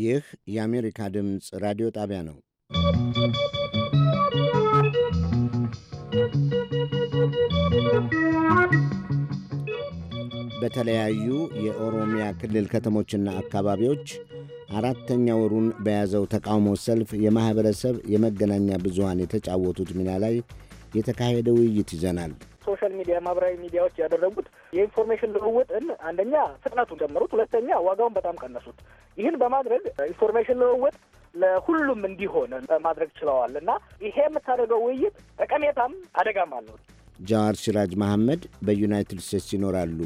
ይህ የአሜሪካ ድምፅ ራዲዮ ጣቢያ ነው። በተለያዩ የኦሮሚያ ክልል ከተሞችና አካባቢዎች አራተኛ ወሩን በያዘው ተቃውሞ ሰልፍ የማኅበረሰብ የመገናኛ ብዙሃን የተጫወቱት ሚና ላይ የተካሄደ ውይይት ይዘናል። ሶሻል ሚዲያ ማህበራዊ ሚዲያዎች ያደረጉት የኢንፎርሜሽን ልውውጥን አንደኛ ፍጥነቱን ጀምሩት ሁለተኛ ዋጋውን በጣም ቀነሱት። ይህን በማድረግ ኢንፎርሜሽን ልውውጥ ለሁሉም እንዲሆን ማድረግ ችለዋል እና ይሄ የምታደርገው ውይይት ጠቀሜታም አደጋም አለው። ጃዋር ሲራጅ መሐመድ በዩናይትድ ስቴትስ ይኖራሉ።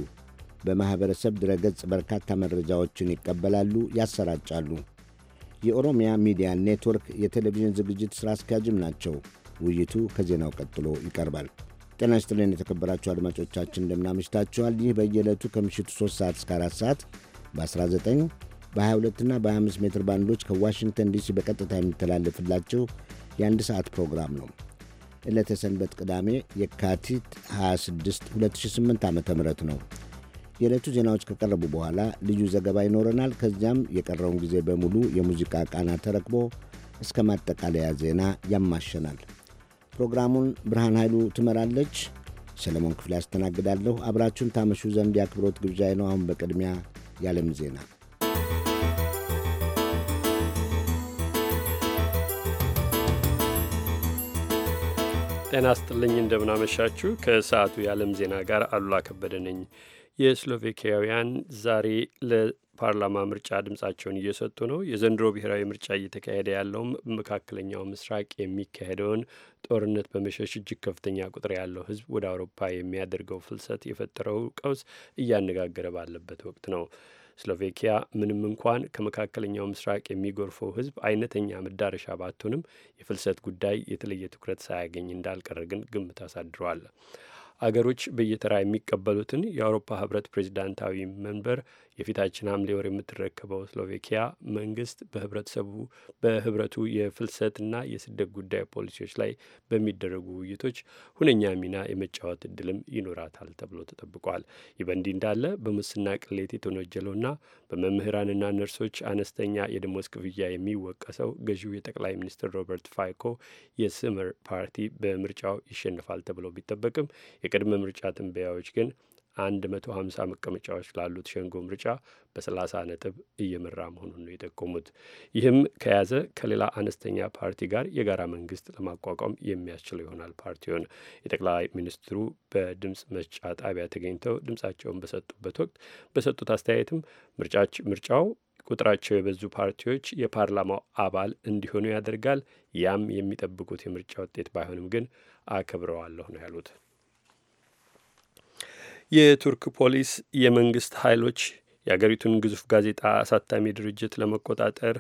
በማኅበረሰብ ድረገጽ በርካታ መረጃዎችን ይቀበላሉ፣ ያሰራጫሉ። የኦሮሚያ ሚዲያ ኔትወርክ የቴሌቪዥን ዝግጅት ሥራ አስኪያጅም ናቸው። ውይይቱ ከዜናው ቀጥሎ ይቀርባል። ጤና ይስጥልኝ የተከበራችሁ አድማጮቻችን፣ እንደምናመሽታችኋል። ይህ በየዕለቱ ከምሽቱ 3 ሰዓት እስከ 4 ሰዓት በ19 በ22ና በ25 ሜትር ባንዶች ከዋሽንግተን ዲሲ በቀጥታ የሚተላለፍላቸው የአንድ ሰዓት ፕሮግራም ነው። ዕለተ ሰንበት ቅዳሜ የካቲት 26 2008 ዓ ም ነው። የዕለቱ ዜናዎች ከቀረቡ በኋላ ልዩ ዘገባ ይኖረናል። ከዚያም የቀረውን ጊዜ በሙሉ የሙዚቃ ቃና ተረክቦ እስከ ማጠቃለያ ዜና ያማሸናል። ፕሮግራሙን ብርሃን ኃይሉ ትመራለች። ሰለሞን ክፍል ያስተናግዳለሁ። አብራችሁን ታመሹ ዘንድ የአክብሮት ግብዣይ ነው። አሁን በቅድሚያ የዓለም ዜና ጤና ስጥልኝ። እንደምናመሻችሁ ከሰዓቱ የዓለም ዜና ጋር አሉላ ከበደ ነኝ። የስሎቬኪያውያን ዛሬ ለፓርላማ ምርጫ ድምጻቸውን እየሰጡ ነው። የዘንድሮ ብሔራዊ ምርጫ እየተካሄደ ያለውም በመካከለኛው ምስራቅ የሚካሄደውን ጦርነት በመሸሽ እጅግ ከፍተኛ ቁጥር ያለው ሕዝብ ወደ አውሮፓ የሚያደርገው ፍልሰት የፈጠረው ቀውስ እያነጋገረ ባለበት ወቅት ነው። ስሎቬኪያ ምንም እንኳን ከመካከለኛው ምስራቅ የሚጎርፈው ህዝብ አይነተኛ መዳረሻ ባትሆንም የፍልሰት ጉዳይ የተለየ ትኩረት ሳያገኝ እንዳልቀረ ግን ግምት አሳድሯል። አገሮች በየተራ የሚቀበሉትን የአውሮፓ ህብረት ፕሬዚዳንታዊ መንበር የፊታችን ሐምሌ ወር የምትረከበው ስሎቬኪያ መንግስት በህብረተሰቡ በህብረቱ የፍልሰትና የስደት ጉዳይ ፖሊሲዎች ላይ በሚደረጉ ውይይቶች ሁነኛ ሚና የመጫወት እድልም ይኖራታል ተብሎ ተጠብቋል። ይህ በእንዲህ እንዳለ በሙስና ቅሌት የተወነጀለውና በመምህራንና ነርሶች አነስተኛ የደሞዝ ክፍያ የሚወቀሰው ገዢው የጠቅላይ ሚኒስትር ሮበርት ፋይኮ የስምር ፓርቲ በምርጫው ይሸንፋል ተብሎ ቢጠበቅም የቅድመ ምርጫ ትንበያዎች ግን 150 መቀመጫዎች ላሉት ሸንጎ ምርጫ በ30 ነጥብ እየመራ መሆኑን ነው የጠቆሙት። ይህም ከያዘ ከሌላ አነስተኛ ፓርቲ ጋር የጋራ መንግስት ለማቋቋም የሚያስችለው ይሆናል። ፓርቲውን የጠቅላይ ሚኒስትሩ በድምፅ መስጫ ጣቢያ ተገኝተው ድምፃቸውን በሰጡበት ወቅት በሰጡት አስተያየትም ምርጫው ቁጥራቸው የበዙ ፓርቲዎች የፓርላማው አባል እንዲሆኑ ያደርጋል። ያም የሚጠብቁት የምርጫ ውጤት ባይሆንም ግን አከብረዋለሁ ነው ያሉት። የቱርክ ፖሊስ የመንግስት ኃይሎች የአገሪቱን ግዙፍ ጋዜጣ አሳታሚ ድርጅት ለመቆጣጠር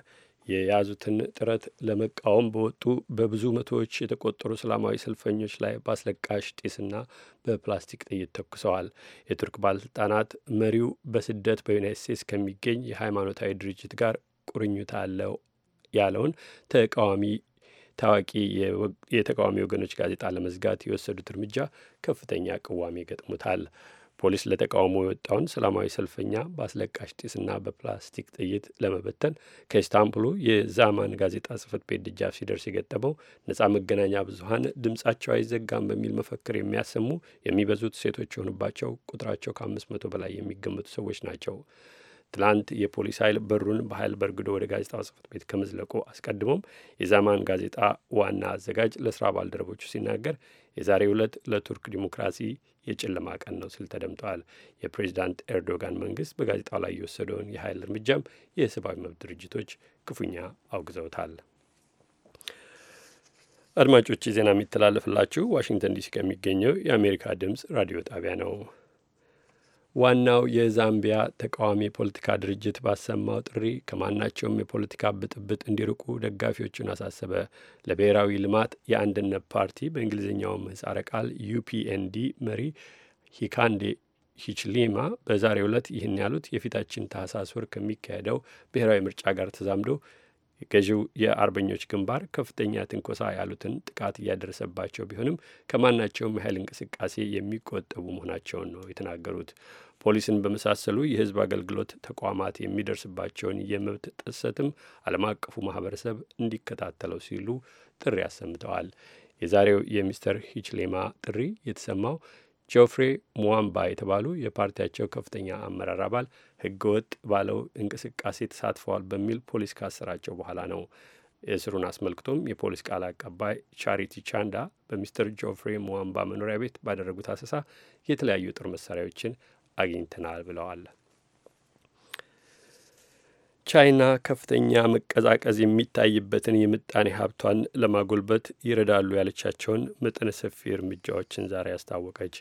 የያዙትን ጥረት ለመቃወም በወጡ በብዙ መቶዎች የተቆጠሩ ሰላማዊ ሰልፈኞች ላይ በአስለቃሽ ጢስና በፕላስቲክ ጥይት ተኩሰዋል። የቱርክ ባለስልጣናት መሪው በስደት በዩናይት ስቴትስ ከሚገኝ የሃይማኖታዊ ድርጅት ጋር ቁርኝት አለው ያለውን ተቃዋሚ ታዋቂ የተቃዋሚ ወገኖች ጋዜጣ ለመዝጋት የወሰዱት እርምጃ ከፍተኛ ቅዋሜ ገጥሞታል። ፖሊስ ለተቃውሞ የወጣውን ሰላማዊ ሰልፈኛ በአስለቃሽ ጢስና በፕላስቲክ ጥይት ለመበተን ከኢስታንቡሉ የዛማን ጋዜጣ ጽህፈት ቤት ደጃፍ ሲደርስ የገጠመው ነጻ መገናኛ ብዙሀን ድምጻቸው አይዘጋም በሚል መፈክር የሚያሰሙ የሚበዙት ሴቶች የሆኑባቸው ቁጥራቸው ከአምስት መቶ በላይ የሚገመቱ ሰዎች ናቸው። ትላንት የፖሊስ ኃይል በሩን በኃይል በርግዶ ወደ ጋዜጣው ጽፈት ቤት ከመዝለቁ አስቀድሞም የዛማን ጋዜጣ ዋና አዘጋጅ ለስራ ባልደረቦቹ ሲናገር የዛሬ ዕለት ለቱርክ ዲሞክራሲ የጨለማ ቀን ነው ሲል ተደምጠዋል። የፕሬዚዳንት ኤርዶጋን መንግስት በጋዜጣው ላይ የወሰደውን የኃይል እርምጃም የሰብአዊ መብት ድርጅቶች ክፉኛ አውግዘውታል። አድማጮች ዜና የሚተላለፍላችሁ ዋሽንግተን ዲሲ ከሚገኘው የአሜሪካ ድምፅ ራዲዮ ጣቢያ ነው። ዋናው የዛምቢያ ተቃዋሚ የፖለቲካ ድርጅት ባሰማው ጥሪ ከማናቸውም የፖለቲካ ብጥብጥ እንዲርቁ ደጋፊዎቹን አሳሰበ። ለብሔራዊ ልማት የአንድነት ፓርቲ በእንግሊዝኛው ምህጻረ ቃል ዩፒኤንዲ መሪ ሂካንዴ ሂችሊማ በዛሬው ዕለት ይህን ያሉት የፊታችን ታህሳስ ወር ከሚካሄደው ብሔራዊ ምርጫ ጋር ተዛምዶ ገዢው የአርበኞች ግንባር ከፍተኛ ትንኮሳ ያሉትን ጥቃት እያደረሰባቸው ቢሆንም ከማናቸውም ኃይል እንቅስቃሴ የሚቆጠቡ መሆናቸውን ነው የተናገሩት። ፖሊስን በመሳሰሉ የሕዝብ አገልግሎት ተቋማት የሚደርስባቸውን የመብት ጥሰትም ዓለም አቀፉ ማህበረሰብ እንዲከታተለው ሲሉ ጥሪ አሰምተዋል። የዛሬው የሚስተር ሂችሌማ ጥሪ የተሰማው ጆፍሬ ሙዋምባ የተባሉ የፓርቲያቸው ከፍተኛ አመራር አባል ህገወጥ ባለው እንቅስቃሴ ተሳትፈዋል በሚል ፖሊስ ካሰራቸው በኋላ ነው። እስሩን አስመልክቶም የፖሊስ ቃል አቀባይ ቻሪቲ ቻንዳ በሚስተር ጆፍሬ ሙዋምባ መኖሪያ ቤት ባደረጉት አሰሳ የተለያዩ ጦር መሳሪያዎችን አግኝተናል ብለዋል። ቻይና ከፍተኛ መቀዛቀዝ የሚታይበትን የምጣኔ ሀብቷን ለማጎልበት ይረዳሉ ያለቻቸውን መጠነ ሰፊ እርምጃዎችን ዛሬ አስታወቀች።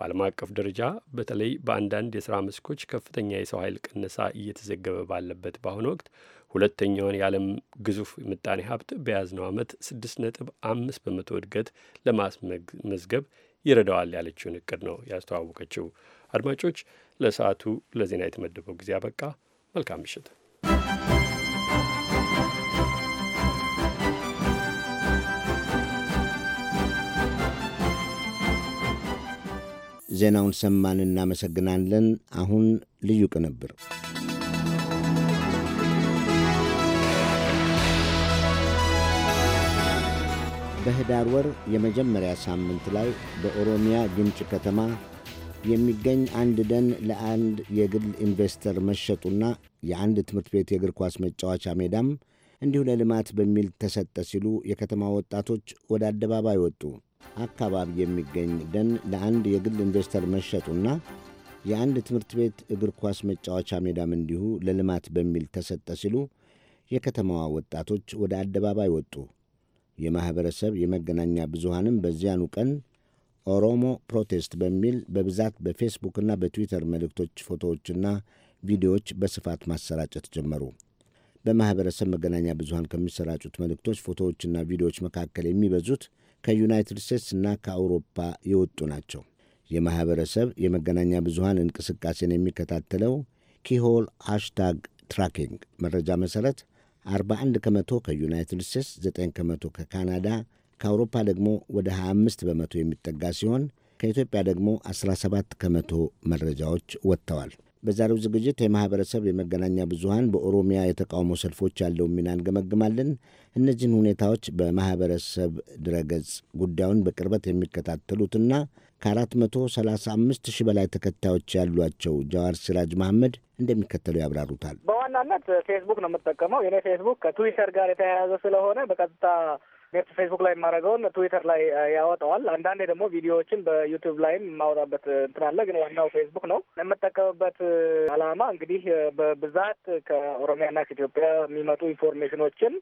በዓለም አቀፍ ደረጃ በተለይ በአንዳንድ የሥራ መስኮች ከፍተኛ የሰው ኃይል ቅነሳ እየተዘገበ ባለበት በአሁኑ ወቅት ሁለተኛውን የዓለም ግዙፍ ምጣኔ ሀብት በያዝነው ዓመት ስድስት ነጥብ አምስት በመቶ እድገት ለማስመዝገብ ይረዳዋል ያለችውን እቅድ ነው ያስተዋወቀችው። አድማጮች፣ ለሰዓቱ ለዜና የተመደበው ጊዜ አበቃ። መልካም ምሽት። ዜናውን ሰማን፣ እናመሰግናለን። አሁን ልዩ ቅንብር በህዳር ወር የመጀመሪያ ሳምንት ላይ በኦሮሚያ ግምጭ ከተማ የሚገኝ አንድ ደን ለአንድ የግል ኢንቨስተር መሸጡና የአንድ ትምህርት ቤት የእግር ኳስ መጫወቻ ሜዳም እንዲሁ ለልማት በሚል ተሰጠ ሲሉ የከተማ ወጣቶች ወደ አደባባይ ወጡ። አካባቢ የሚገኝ ደን ለአንድ የግል ኢንቨስተር መሸጡና የአንድ ትምህርት ቤት እግር ኳስ መጫወቻ ሜዳም እንዲሁ ለልማት በሚል ተሰጠ ሲሉ የከተማዋ ወጣቶች ወደ አደባባይ ወጡ። የማኅበረሰብ የመገናኛ ብዙሃንም በዚያኑ ቀን ኦሮሞ ፕሮቴስት በሚል በብዛት በፌስቡክና በትዊተር መልእክቶች፣ ፎቶዎችና ቪዲዮዎች በስፋት ማሰራጨት ጀመሩ። በማኅበረሰብ መገናኛ ብዙሃን ከሚሰራጩት መልእክቶች፣ ፎቶዎችና ቪዲዮዎች መካከል የሚበዙት ከዩናይትድ ስቴትስ እና ከአውሮፓ የወጡ ናቸው። የማኅበረሰብ የመገናኛ ብዙሃን እንቅስቃሴን የሚከታተለው ኪሆል ሃሽታግ ትራኪንግ መረጃ መሠረት 41 ከመቶ ከዩናይትድ ስቴትስ፣ 9 ከመቶ ከካናዳ ከአውሮፓ ደግሞ ወደ 25 በመቶ የሚጠጋ ሲሆን ከኢትዮጵያ ደግሞ 17 ከመቶ መረጃዎች ወጥተዋል። በዛሬው ዝግጅት የማህበረሰብ የመገናኛ ብዙሃን በኦሮሚያ የተቃውሞ ሰልፎች ያለው ሚና እንገመግማለን። እነዚህን ሁኔታዎች በማህበረሰብ ድረገጽ ጉዳዩን በቅርበት የሚከታተሉትና ከ435 ሺህ በላይ ተከታዮች ያሏቸው ጃዋር ሲራጅ መሐመድ እንደሚከተለው ያብራሩታል። በዋናነት ፌስቡክ ነው የምጠቀመው። የኔ ፌስቡክ ከትዊተር ጋር የተያያዘ ስለሆነ በቀጥታ ፌስቡክ ላይ የማደርገውን ትዊተር ላይ ያወጣዋል። አንዳንዴ ደግሞ ቪዲዮዎችን በዩቱብ ላይም የማወጣበት እንትን አለ። ግን ዋናው ፌስቡክ ነው። የምጠቀምበት አላማ እንግዲህ በብዛት ከኦሮሚያና ከኢትዮጵያ የሚመጡ ኢንፎርሜሽኖችን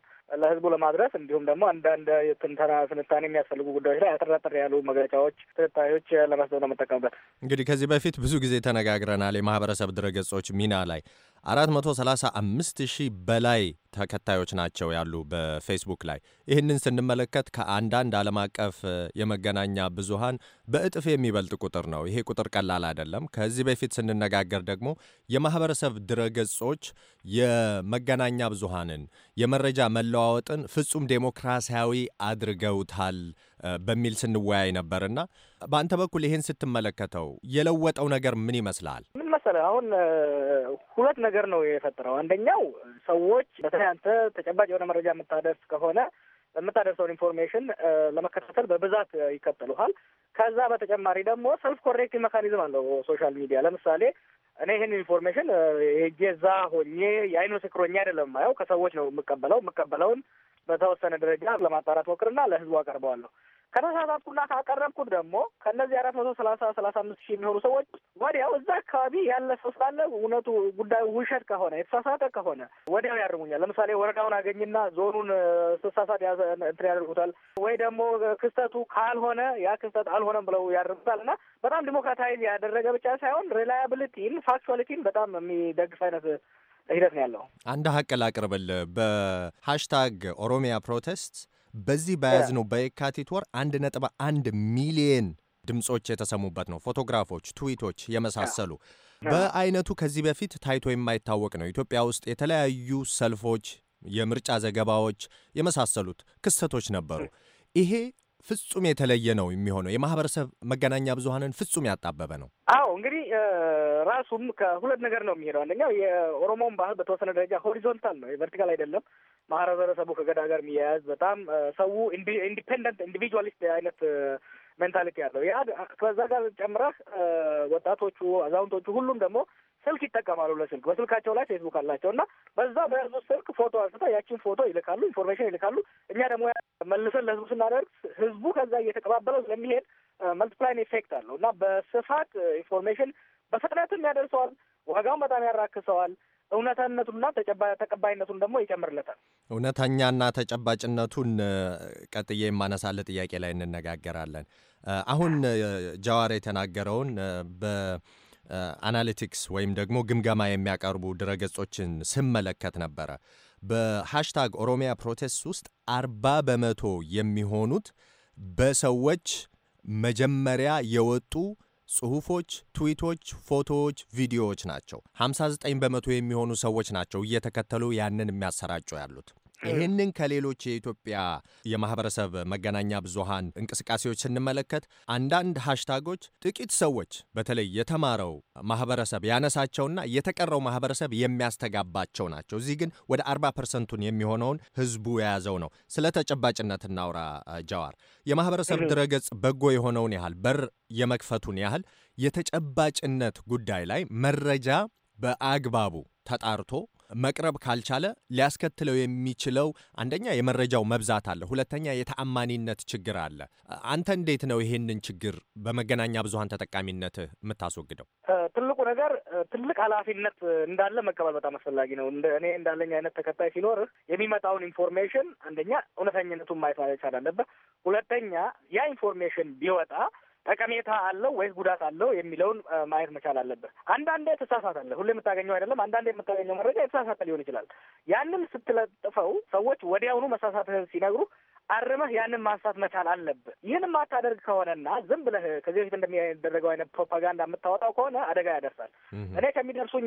ለህዝቡ ለማድረስ እንዲሁም ደግሞ አንዳንድ ትንተና ትንታኔ የሚያስፈልጉ ጉዳዮች ላይ አጠራጠር ያሉ መግለጫዎች፣ ትንታኔዎች ለመስጠት ነው የምጠቀምበት። እንግዲህ ከዚህ በፊት ብዙ ጊዜ ተነጋግረናል የማህበረሰብ ድረገጾች ሚና ላይ 435 ሺህ በላይ ተከታዮች ናቸው ያሉ በፌስቡክ ላይ። ይህንን ስንመለከት ከአንዳንድ ዓለም አቀፍ የመገናኛ ብዙሃን በእጥፍ የሚበልጥ ቁጥር ነው። ይሄ ቁጥር ቀላል አይደለም። ከዚህ በፊት ስንነጋገር ደግሞ የማህበረሰብ ድረገጾች የመገናኛ ብዙሃንን የመረጃ መለዋወጥን ፍጹም ዴሞክራሲያዊ አድርገውታል በሚል ስንወያይ ነበርና በአንተ በኩል ይህን ስትመለከተው የለወጠው ነገር ምን ይመስላል? ምን መሰለህ አሁን ሁለት ነገር ነው የፈጠረው። አንደኛው ሰዎች በተለይ አንተ ተጨባጭ የሆነ መረጃ የምታደርስ ከሆነ የምታደርሰውን ኢንፎርሜሽን ለመከታተል በብዛት ይከተሉሃል። ከዛ በተጨማሪ ደግሞ ሰልፍ ኮሬክቲቭ መካኒዝም አለው ሶሻል ሚዲያ። ለምሳሌ እኔ ይህን ኢንፎርሜሽን ሄጄ እዛ ሆኜ የአይኑ ምስክሮኛ አይደለም ማየው ከሰዎች ነው የምቀበለው። የምቀበለውን በተወሰነ ደረጃ ለማጣራት ሞክርና ለህዝቡ አቀርበዋለሁ። ከተሳሳትኩና ካቀረብኩት ደግሞ ከእነዚህ አራት መቶ ሰላሳ ሰላሳ አምስት ሺህ የሚሆኑ ሰዎች ወዲያው እዛ አካባቢ ያለ ሰው ስላለ እውነቱ ጉዳዩ ውሸት ከሆነ የተሳሳተ ከሆነ ወዲያው ያርሙኛል። ለምሳሌ ወረዳውን አገኝና ዞኑን ስሳሳት እንትን ያደርጉታል ወይ ደግሞ ክስተቱ ካልሆነ ያ ክስተት አልሆነም ብለው ያደርጉታል እና በጣም ዲሞክራታይዝ ያደረገ ብቻ ሳይሆን ሪላያብሊቲን ፋክቹዋሊቲን በጣም የሚደግፍ አይነት ሂደት ነው ያለው። አንድ ሀቅ ላቅርብል። በሃሽታግ ኦሮሚያ ፕሮቴስት በዚህ በያዝ ነው በየካቲት ወር አንድ ሚሊየን ድምጾች የተሰሙበት ነው። ፎቶግራፎች፣ ትዊቶች የመሳሰሉ በአይነቱ ከዚህ በፊት ታይቶ የማይታወቅ ነው። ኢትዮጵያ ውስጥ የተለያዩ ሰልፎች፣ የምርጫ ዘገባዎች የመሳሰሉት ክስተቶች ነበሩ። ይሄ ፍጹም የተለየ ነው የሚሆነው። የማህበረሰብ መገናኛ ብዙሀንን ፍጹም ያጣበበ ነው። አዎ እንግዲህ ራሱም ከሁለት ነገር ነው የሚሄደው። አንደኛው የኦሮሞውን ባህል በተወሰነ ደረጃ ሆሪዞንታል ነው፣ የቨርቲካል አይደለም። ማህበረሰቡ ከገዳ ጋር የሚያያዝ በጣም ሰው ኢንዲፔንደንት ኢንዲቪጁዋሊስት አይነት ሜንታሊቲ ያለው ያ ከዛ ጋር ጨምረህ ወጣቶቹ፣ አዛውንቶቹ ሁሉም ደግሞ ስልክ ይጠቀማሉ። ለስልክ በስልካቸው ላይ ፌስቡክ አላቸው እና በዛ በህዝቡ ስልክ ፎቶ አንስታ ያችን ፎቶ ይልካሉ፣ ኢንፎርሜሽን ይልካሉ። እኛ ደግሞ መልሰን ለህዝቡ ስናደርግ ህዝቡ ከዛ እየተቀባበለው ስለሚሄድ መልቲፕላይን ኢፌክት አለው እና በስፋት ኢንፎርሜሽን በፍጥነትም ያደርሰዋል፣ ዋጋውን በጣም ያራክሰዋል። እውነትነቱና ተቀባይነቱን ደግሞ ይጨምርለታል። እውነተኛና ተጨባጭነቱን ቀጥዬ የማነሳለ ጥያቄ ላይ እንነጋገራለን። አሁን ጀዋር የተናገረውን አናሊቲክስ uh, ወይም ደግሞ ግምገማ የሚያቀርቡ ድረገጾችን ስመለከት ነበረ። በሃሽታግ ኦሮሚያ ፕሮቴስት ውስጥ አርባ በመቶ የሚሆኑት በሰዎች መጀመሪያ የወጡ ጽሁፎች፣ ትዊቶች፣ ፎቶዎች፣ ቪዲዮዎች ናቸው። 59 በመቶ የሚሆኑ ሰዎች ናቸው እየተከተሉ ያንን የሚያሰራጩ ያሉት። ይህንን ከሌሎች የኢትዮጵያ የማህበረሰብ መገናኛ ብዙሃን እንቅስቃሴዎች ስንመለከት አንዳንድ ሃሽታጎች ጥቂት ሰዎች በተለይ የተማረው ማህበረሰብ ያነሳቸውና የተቀረው ማህበረሰብ የሚያስተጋባቸው ናቸው። እዚህ ግን ወደ 40 ፐርሰንቱን የሚሆነውን ህዝቡ የያዘው ነው። ስለ ተጨባጭነት እናውራ ጀዋር የማህበረሰብ ድረገጽ በጎ የሆነውን ያህል በር የመክፈቱን ያህል የተጨባጭነት ጉዳይ ላይ መረጃ በአግባቡ ተጣርቶ መቅረብ ካልቻለ ሊያስከትለው የሚችለው አንደኛ የመረጃው መብዛት አለ፣ ሁለተኛ የተአማኒነት ችግር አለ። አንተ እንዴት ነው ይሄንን ችግር በመገናኛ ብዙሀን ተጠቃሚነት የምታስወግደው? ትልቁ ነገር ትልቅ ኃላፊነት እንዳለ መቀበል በጣም አስፈላጊ ነው። እኔ እንዳለኝ አይነት ተከታይ ሲኖርህ የሚመጣውን ኢንፎርሜሽን አንደኛ እውነተኝነቱን ማየት መቻል አለበት። ሁለተኛ ያ ኢንፎርሜሽን ቢወጣ ጠቀሜታ አለው ወይስ ጉዳት አለው የሚለውን ማየት መቻል አለብህ። አንዳንዴ ትሳሳታለህ። ሁሌ የምታገኘው አይደለም። አንዳንዴ የምታገኘው መረጃ የተሳሳተ ሊሆን ይችላል። ያንን ስትለጥፈው ሰዎች ወዲያውኑ መሳሳትህን ሲነግሩ አርመህ ያንን ማንሳት መቻል አለብህ። ይህን ማታደርግ ከሆነና ዝም ብለህ ከዚህ በፊት እንደሚደረገው አይነት ፕሮፓጋንዳ የምታወጣው ከሆነ አደጋ ያደርሳል። እኔ ከሚደርሱኝ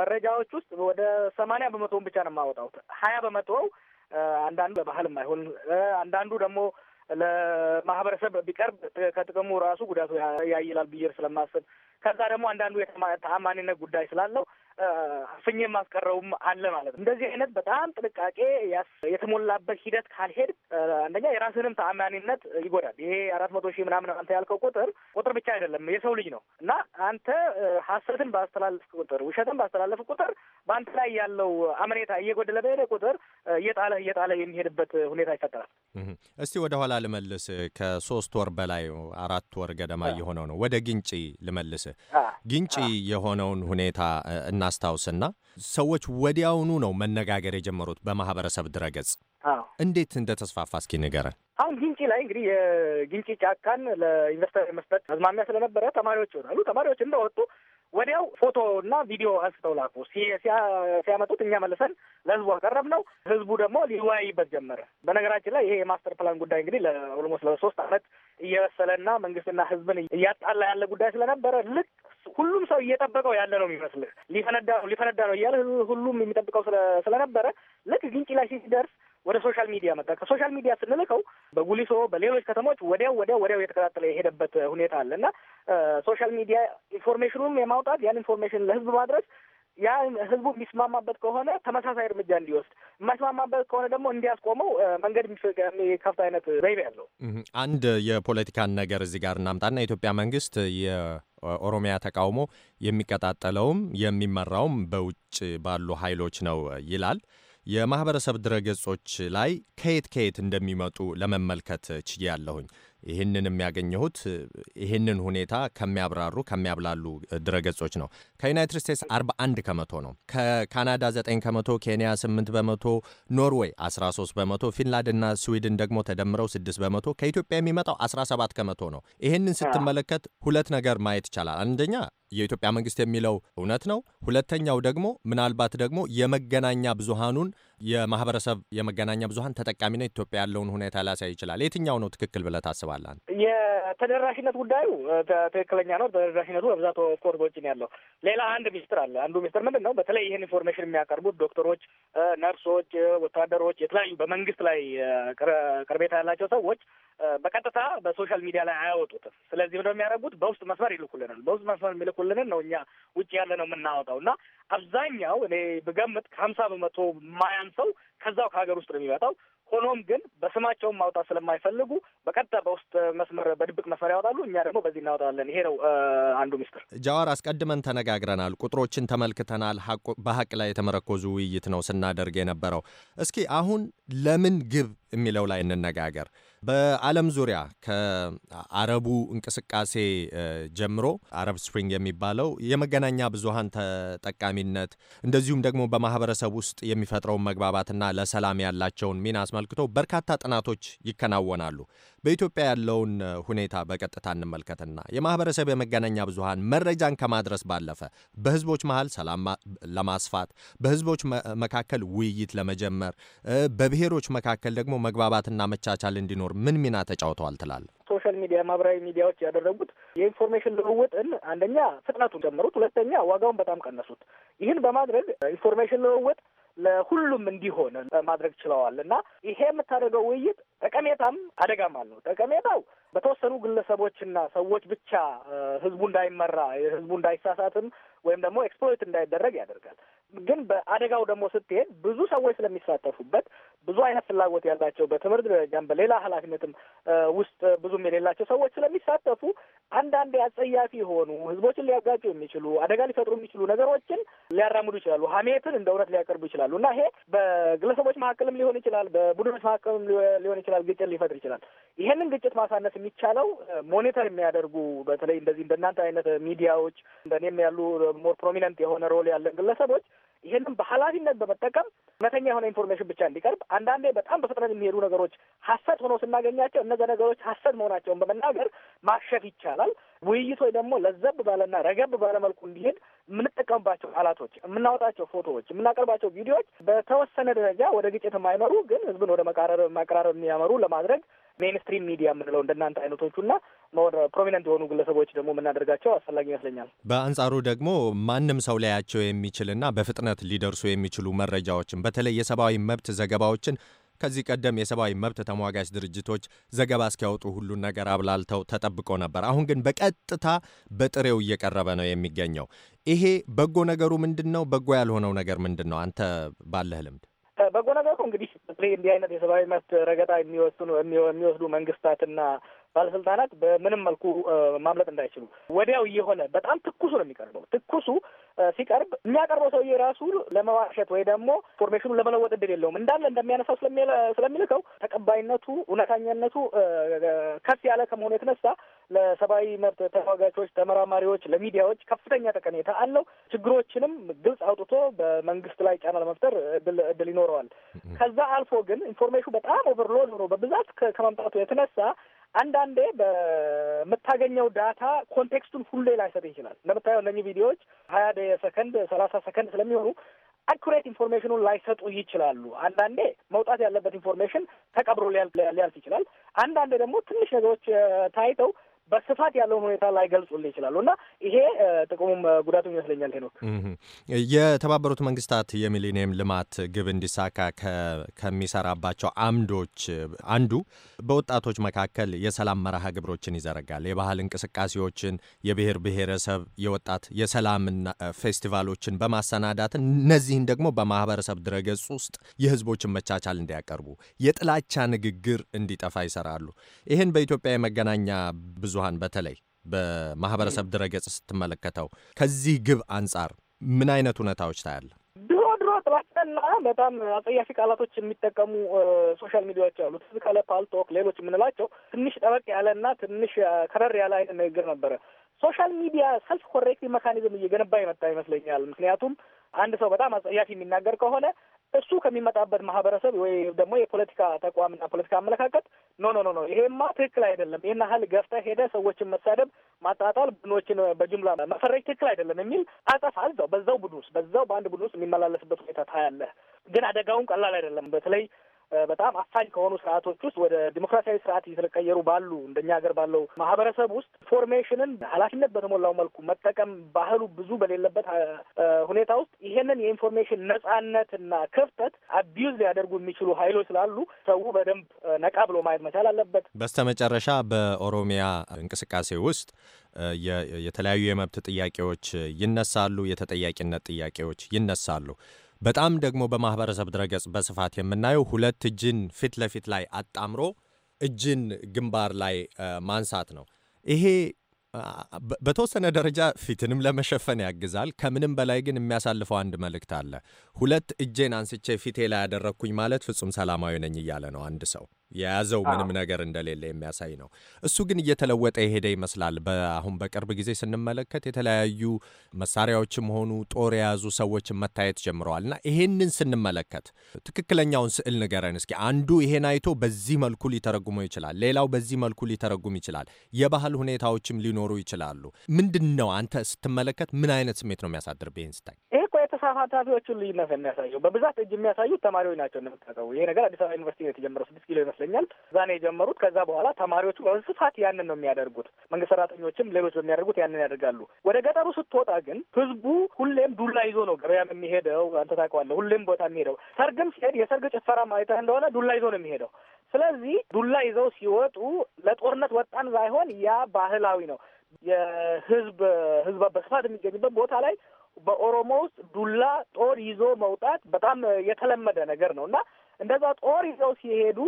መረጃዎች ውስጥ ወደ ሰማንያ በመቶውን ብቻ ነው የማወጣው። ሀያ በመቶው አንዳንዱ በባህል የማይሆን አንዳንዱ ደግሞ ለማህበረሰብ ቢቀርብ ከጥቅሙ ራሱ ጉዳቱ ያይላል ብዬ ስለማስብ ከዛ ደግሞ አንዳንዱ የተማ ጉዳይ ስላለው አፍኜ የማስቀረውም አለ ማለት ነው። እንደዚህ አይነት በጣም ጥንቃቄ የተሞላበት ሂደት ካልሄድ አንደኛ የራስንም ተአማኒነት ይጎዳል። ይሄ አራት መቶ ሺህ ምናምን አንተ ያልከው ቁጥር ቁጥር ብቻ አይደለም የሰው ልጅ ነው እና አንተ ሀሰትን ባስተላለፍ ቁጥር ውሸትን ባስተላለፍ ቁጥር በአንተ ላይ ያለው አመኔታ እየጎደለ በሄደ ቁጥር እየጣለ እየጣለ የሚሄድበት ሁኔታ ይፈጠራል። እስቲ ወደ ኋላ ልመልስ። ከሶስት ወር በላይ አራት ወር ገደማ የሆነው ነው። ወደ ግንጪ ልመልስ። ግንጪ የሆነውን ሁኔታ እና እናስታውስና ሰዎች ወዲያውኑ ነው መነጋገር የጀመሩት በማህበረሰብ ድረገጽ። እንዴት ተስፋፋ እስኪ ንገረን። አሁን ግንጪ ላይ እንግዲህ የግንጪ ጫካን ለኢንቨስተር መስጠት አዝማሚያ ስለነበረ ተማሪዎች ይሆናሉ። ተማሪዎች እንደወጡ ወዲያው ፎቶ እና ቪዲዮ አንስተው ላኩ። ሲያመጡት እኛ መልሰን ለህዝቡ አቀረብ ነው። ህዝቡ ደግሞ ሊወያይበት ጀመረ። በነገራችን ላይ ይሄ የማስተር ፕላን ጉዳይ እንግዲህ ለኦልሞስት ለሶስት አመት እየበሰለና መንግስትና ህዝብን እያጣላ ያለ ጉዳይ ስለነበረ ልክ ሁሉም ሰው እየጠበቀው ያለ ነው የሚመስልህ። ሊፈነዳ ነው ሊፈነዳ ነው እያለ ሁሉም የሚጠብቀው ስለነበረ ልክ ግንጭ ላይ ሲደርስ ወደ ሶሻል ሚዲያ መጣ። ከሶሻል ሚዲያ ስንልከው በጉሊሶ በሌሎች ከተሞች ወዲያው ወዲያው ወዲያው የተቀጣጠለ የሄደበት ሁኔታ አለ እና ሶሻል ሚዲያ ኢንፎርሜሽኑም የማውጣት ያን ኢንፎርሜሽን ለህዝብ ማድረስ ያ ህዝቡ የሚስማማበት ከሆነ ተመሳሳይ እርምጃ እንዲወስድ፣ የማይስማማበት ከሆነ ደግሞ እንዲያስቆመው መንገድ የሚከፍት አይነት ዘይቤ ያለው አንድ የፖለቲካን ነገር እዚህ ጋር እናምጣና የኢትዮጵያ መንግስት የኦሮሚያ ተቃውሞ የሚቀጣጠለውም የሚመራውም በውጭ ባሉ ኃይሎች ነው ይላል። የማህበረሰብ ድረገጾች ላይ ከየት ከየት እንደሚመጡ ለመመልከት ችዬ ያለሁኝ ይህንን የሚያገኘሁት ይህንን ሁኔታ ከሚያብራሩ ከሚያብላሉ ድረገጾች ነው። ከዩናይትድ ስቴትስ 41 ከመቶ ነው። ከካናዳ 9 ከመቶ፣ ኬንያ 8 በመቶ፣ ኖርዌይ 13 በመቶ፣ ፊንላንድና ስዊድን ደግሞ ተደምረው 6 በመቶ፣ ከኢትዮጵያ የሚመጣው 17 ከመቶ ነው። ይህንን ስትመለከት ሁለት ነገር ማየት ይቻላል። አንደኛ የኢትዮጵያ መንግስት የሚለው እውነት ነው። ሁለተኛው ደግሞ ምናልባት ደግሞ የመገናኛ ብዙሃኑን የማህበረሰብ የመገናኛ ብዙሀን ተጠቃሚ ነው ኢትዮጵያ ያለውን ሁኔታ ሊያሳይ ይችላል። የትኛው ነው ትክክል ብለህ ታስባለህ? የተደራሽነት ጉዳዩ ትክክለኛ ነው። ተደራሽነቱ በብዛት ኦፍኮርስ በውጭ ነው ያለው። ሌላ አንድ ሚስጥር አለ። አንዱ ሚስጥር ምንድን ነው? በተለይ ይህን ኢንፎርሜሽን የሚያቀርቡት ዶክተሮች፣ ነርሶች፣ ወታደሮች፣ የተለያዩ በመንግስት ላይ ቅርቤታ ያላቸው ሰዎች በቀጥታ በሶሻል ሚዲያ ላይ አያወጡትም። ስለዚህ የሚያደርጉት በውስጥ መስመር ይልኩልናል በውስጥ መስመር የሚልኩልንን ነው እኛ ውጭ ያለ ነው የምናወጣው እና አብዛኛው እኔ ብገምት ከሀምሳ በመቶ ሰው ከዛው ከሀገር ውስጥ ነው የሚመጣው። ሆኖም ግን በስማቸውን ማውጣት ስለማይፈልጉ በቀጥታ በውስጥ መስመር በድብቅ መስመር ያወጣሉ። እኛ ደግሞ በዚህ እናወጣለን። ይሄ ነው አንዱ ሚስጥር። ጃዋር፣ አስቀድመን ተነጋግረናል፣ ቁጥሮችን ተመልክተናል። በሀቅ ላይ የተመረኮዙ ውይይት ነው ስናደርግ የነበረው። እስኪ አሁን ለምን ግብ የሚለው ላይ እንነጋገር። በዓለም ዙሪያ ከአረቡ እንቅስቃሴ ጀምሮ አረብ ስፕሪንግ የሚባለው የመገናኛ ብዙሃን ተጠቃሚነት እንደዚሁም ደግሞ በማህበረሰብ ውስጥ የሚፈጥረውን መግባባትና ለሰላም ያላቸውን ሚና አስመልክቶ በርካታ ጥናቶች ይከናወናሉ። በኢትዮጵያ ያለውን ሁኔታ በቀጥታ እንመልከትና የማህበረሰብ የመገናኛ ብዙሃን መረጃን ከማድረስ ባለፈ በህዝቦች መሀል ሰላም ለማስፋት በህዝቦች መካከል ውይይት ለመጀመር በብሔሮች መካከል ደግሞ መግባባትና መቻቻል እንዲኖር ምን ሚና ተጫውተዋል ትላል? ሶሻል ሚዲያ ማህበራዊ ሚዲያዎች ያደረጉት የኢንፎርሜሽን ልውውጥን አንደኛ ፍጥነቱን ጨምሩት፣ ሁለተኛ ዋጋውን በጣም ቀነሱት። ይህን በማድረግ ኢንፎርሜሽን ልውውጥ ለሁሉም እንዲሆን ማድረግ ችለዋል እና ይሄ የምታደርገው ውይይት ጠቀሜታም አደጋም አለው። ጠቀሜታው በተወሰኑ ግለሰቦችና ሰዎች ብቻ ህዝቡ እንዳይመራ ህዝቡ እንዳይሳሳትም ወይም ደግሞ ኤክስፕሎይት እንዳይደረግ ያደርጋል። ግን በአደጋው ደግሞ ስትሄድ ብዙ ሰዎች ስለሚሳተፉበት ብዙ አይነት ፍላጎት ያላቸው በትምህርት ደረጃም በሌላ ኃላፊነትም ውስጥ ብዙም የሌላቸው ሰዎች ስለሚሳተፉ አንዳንዴ አጸያፊ የሆኑ ህዝቦችን ሊያጋጩ የሚችሉ አደጋ ሊፈጥሩ የሚችሉ ነገሮችን ሊያራምዱ ይችላሉ። ሀሜትን እንደ እውነት ሊያቀርቡ ይችላሉ እና ይሄ በግለሰቦች መካከልም ሊሆን ይችላል፣ በቡድኖች መካከልም ሊሆን ይችላል፣ ግጭት ሊፈጥር ይችላል። ይሄንን ግጭት ማሳነስ የሚቻለው ሞኒተር የሚያደርጉ በተለይ እንደዚህ እንደናንተ አይነት ሚዲያዎች እንደኔም ያሉ ሞር ፕሮሚነንት የሆነ ሮል ያለን ግለሰቦች ይህንም በኃላፊነት በመጠቀም እውነተኛ የሆነ ኢንፎርሜሽን ብቻ እንዲቀርብ፣ አንዳንዴ በጣም በፍጥነት የሚሄዱ ነገሮች ሀሰት ሆኖ ስናገኛቸው እነዚያ ነገሮች ሀሰት መሆናቸውን በመናገር ማሸፍ ይቻላል። ውይይቶች ደግሞ ለዘብ ባለና ረገብ ባለመልኩ እንዲሄድ የምንጠቀምባቸው ቃላቶች፣ የምናወጣቸው ፎቶዎች፣ የምናቀርባቸው ቪዲዮዎች በተወሰነ ደረጃ ወደ ግጭት የማይመሩ ግን ህዝብን ወደ መቃረር ማቀራረብ የሚያመሩ ለማድረግ ሜንስትሪም ሚዲያ የምንለው እንደናንተ አይነቶቹና ፕሮሚነንት የሆኑ ግለሰቦች ደግሞ የምናደርጋቸው አስፈላጊ ይመስለኛል። በአንጻሩ ደግሞ ማንም ሰው ላያቸው የሚችልና በፍጥነት ሊደርሱ የሚችሉ መረጃዎችን በተለይ የሰብአዊ መብት ዘገባዎችን ከዚህ ቀደም የሰብአዊ መብት ተሟጋች ድርጅቶች ዘገባ እስኪያወጡ ሁሉን ነገር አብላልተው ተጠብቆ ነበር። አሁን ግን በቀጥታ በጥሬው እየቀረበ ነው የሚገኘው። ይሄ በጎ ነገሩ ምንድን ነው? በጎ ያልሆነው ነገር ምንድን ነው? አንተ ባለህ ልምድ። በጎ ነገሩ እንግዲህ እንዲህ አይነት የሰብአዊ መብት ረገጣ የሚወስኑ የሚወስዱ መንግስታትና ባለስልጣናት በምንም መልኩ ማምለጥ እንዳይችሉ ወዲያው እየሆነ በጣም ትኩሱ ነው የሚቀርበው። ትኩሱ ሲቀርብ የሚያቀርበው ሰውዬ ራሱ ለመዋሸት ወይ ደግሞ ኢንፎርሜሽኑ ለመለወጥ እድል የለውም። እንዳለ እንደሚያነሳው ስለሚልከው ተቀባይነቱ፣ እውነተኛነቱ ከፍ ያለ ከመሆኑ የተነሳ ለሰብአዊ መብት ተሟጋቾች፣ ተመራማሪዎች፣ ለሚዲያዎች ከፍተኛ ጠቀሜታ አለው። ችግሮችንም ግልጽ አውጥቶ በመንግስት ላይ ጫና ለመፍጠር እድል ይኖረዋል። ከዛ አልፎ ግን ኢንፎርሜሽኑ በጣም ኦቨርሎድ ሆኖ በብዛት ከመምጣቱ የተነሳ አንዳ አንዳንዴ በምታገኘው ዳታ ኮንቴክስቱን ሁሌ ላይሰጥ ይችላል። እንደምታየው እነኚህ ቪዲዮዎች ሀያ ሰከንድ ሰላሳ ሰከንድ ስለሚሆኑ አኩሬት ኢንፎርሜሽኑን ላይሰጡ ይችላሉ። አንዳንዴ መውጣት ያለበት ኢንፎርሜሽን ተቀብሮ ሊያልፍ ይችላል። አንዳንዴ ደግሞ ትንሽ ነገሮች ታይተው በስፋት ያለውን ሁኔታ ላይ ገልጹልህ ይችላሉ እና ይሄ ጥቅሙም ጉዳቱ ይመስለኛል። ሄኖክ የተባበሩት መንግስታት የሚሊኒየም ልማት ግብ እንዲሳካ ከሚሰራባቸው አምዶች አንዱ በወጣቶች መካከል የሰላም መርሃ ግብሮችን ይዘረጋል። የባህል እንቅስቃሴዎችን፣ የብሔር ብሔረሰብ የወጣት የሰላም ፌስቲቫሎችን በማሰናዳት እነዚህን ደግሞ በማህበረሰብ ድረገጽ ውስጥ የህዝቦችን መቻቻል እንዲያቀርቡ፣ የጥላቻ ንግግር እንዲጠፋ ይሰራሉ። ይህን በኢትዮጵያ የመገናኛ ብዙ ብዙሃን በተለይ በማህበረሰብ ድረገጽ ስትመለከተው ከዚህ ግብ አንጻር ምን አይነት እውነታዎች ታያለ? ጥላቻና በጣም አጸያፊ ቃላቶች የሚጠቀሙ ሶሻል ሚዲያዎች አሉ። ትዝ ካለ ፓልቶክ፣ ሌሎች የምንላቸው ትንሽ ጠበቅ ያለና ትንሽ ከረር ያለ አይነት ንግግር ነበረ። ሶሻል ሚዲያ ሰልፍ ኮሬክቲቭ መካኒዝም እየገነባ የመጣ ይመስለኛል። ምክንያቱም አንድ ሰው በጣም አጸያፊ የሚናገር ከሆነ እሱ ከሚመጣበት ማህበረሰብ ወይ ደግሞ የፖለቲካ ተቋምና ፖለቲካ አመለካከት ኖ ኖ ኖ ኖ ይሄማ ትክክል አይደለም፣ ይህን ያህል ገፍተ ሄደ ሰዎችን መሳደብ፣ ማጣጣል፣ ቡድኖችን በጅምላ መፈረጅ ትክክል አይደለም የሚል አጸፋ እዛው በዛው ቡድን ውስጥ በዛው በአንድ ቡድን ውስጥ የሚመላለስበት ሁኔታ ታያለህ። ግን አደጋውን ቀላል አይደለም። በተለይ በጣም አፋኝ ከሆኑ ስርዓቶች ውስጥ ወደ ዲሞክራሲያዊ ስርዓት እየተቀየሩ ባሉ እንደኛ ሀገር ባለው ማህበረሰብ ውስጥ ኢንፎርሜሽንን ኃላፊነት በተሞላው መልኩ መጠቀም ባህሉ ብዙ በሌለበት ሁኔታ ውስጥ ይሄንን የኢንፎርሜሽን ነጻነትና ክፍተት አቢዩዝ ሊያደርጉ የሚችሉ ሀይሎች ስላሉ ሰው በደንብ ነቃ ብሎ ማየት መቻል አለበት። በስተመጨረሻ በኦሮሚያ እንቅስቃሴ ውስጥ የተለያዩ የመብት ጥያቄዎች ይነሳሉ፣ የተጠያቂነት ጥያቄዎች ይነሳሉ። በጣም ደግሞ በማህበረሰብ ድረገጽ በስፋት የምናየው ሁለት እጅን ፊት ለፊት ላይ አጣምሮ እጅን ግንባር ላይ ማንሳት ነው። ይሄ በተወሰነ ደረጃ ፊትንም ለመሸፈን ያግዛል። ከምንም በላይ ግን የሚያሳልፈው አንድ መልእክት አለ። ሁለት እጄን አንስቼ ፊቴ ላይ ያደረግኩኝ ማለት ፍጹም ሰላማዊ ነኝ እያለ ነው አንድ ሰው። የያዘው ምንም ነገር እንደሌለ የሚያሳይ ነው። እሱ ግን እየተለወጠ የሄደ ይመስላል። በአሁን በቅርብ ጊዜ ስንመለከት የተለያዩ መሳሪያዎችም ሆኑ ጦር የያዙ ሰዎችን መታየት ጀምረዋል እና ይሄንን ስንመለከት ትክክለኛውን ስዕል ንገረን እስኪ። አንዱ ይሄን አይቶ በዚህ መልኩ ሊተረጉሞ ይችላል፣ ሌላው በዚህ መልኩ ሊተረጉም ይችላል። የባህል ሁኔታዎችም ሊኖሩ ይችላሉ። ምንድን ነው አንተ ስትመለከት ምን አይነት ስሜት ነው የሚያሳድር ይህን ስታይ? የተሳታፊዎቹን ልዩነት የሚያሳየው። በብዛት እጅ የሚያሳዩት ተማሪዎች ናቸው። እንደምታውቀው ይሄ ነገር አዲስ አበባ ዩኒቨርሲቲ ነው የተጀመረው፣ ስድስት ኪሎ ይመስለኛል። እዛ ነው የጀመሩት። ከዛ በኋላ ተማሪዎቹ በስፋት ያንን ነው የሚያደርጉት። መንግስት ሰራተኞችም ሌሎች በሚያደርጉት ያንን ያደርጋሉ። ወደ ገጠሩ ስትወጣ ግን ህዝቡ ሁሌም ዱላ ይዞ ነው ገበያም የሚሄደው። አንተ ታውቀዋለህ፣ ሁሌም ቦታ የሚሄደው ሰርግም ሲሄድ የሰርግ ጭፈራ አይተህ እንደሆነ ዱላ ይዞ ነው የሚሄደው። ስለዚህ ዱላ ይዘው ሲወጡ ለጦርነት ወጣን ሳይሆን ያ ባህላዊ ነው የህዝብ ህዝብ በስፋት የሚገኝበት ቦታ ላይ በኦሮሞ ውስጥ ዱላ ጦር ይዞ መውጣት በጣም የተለመደ ነገር ነው እና እንደዛ ጦር ይዘው ሲሄዱ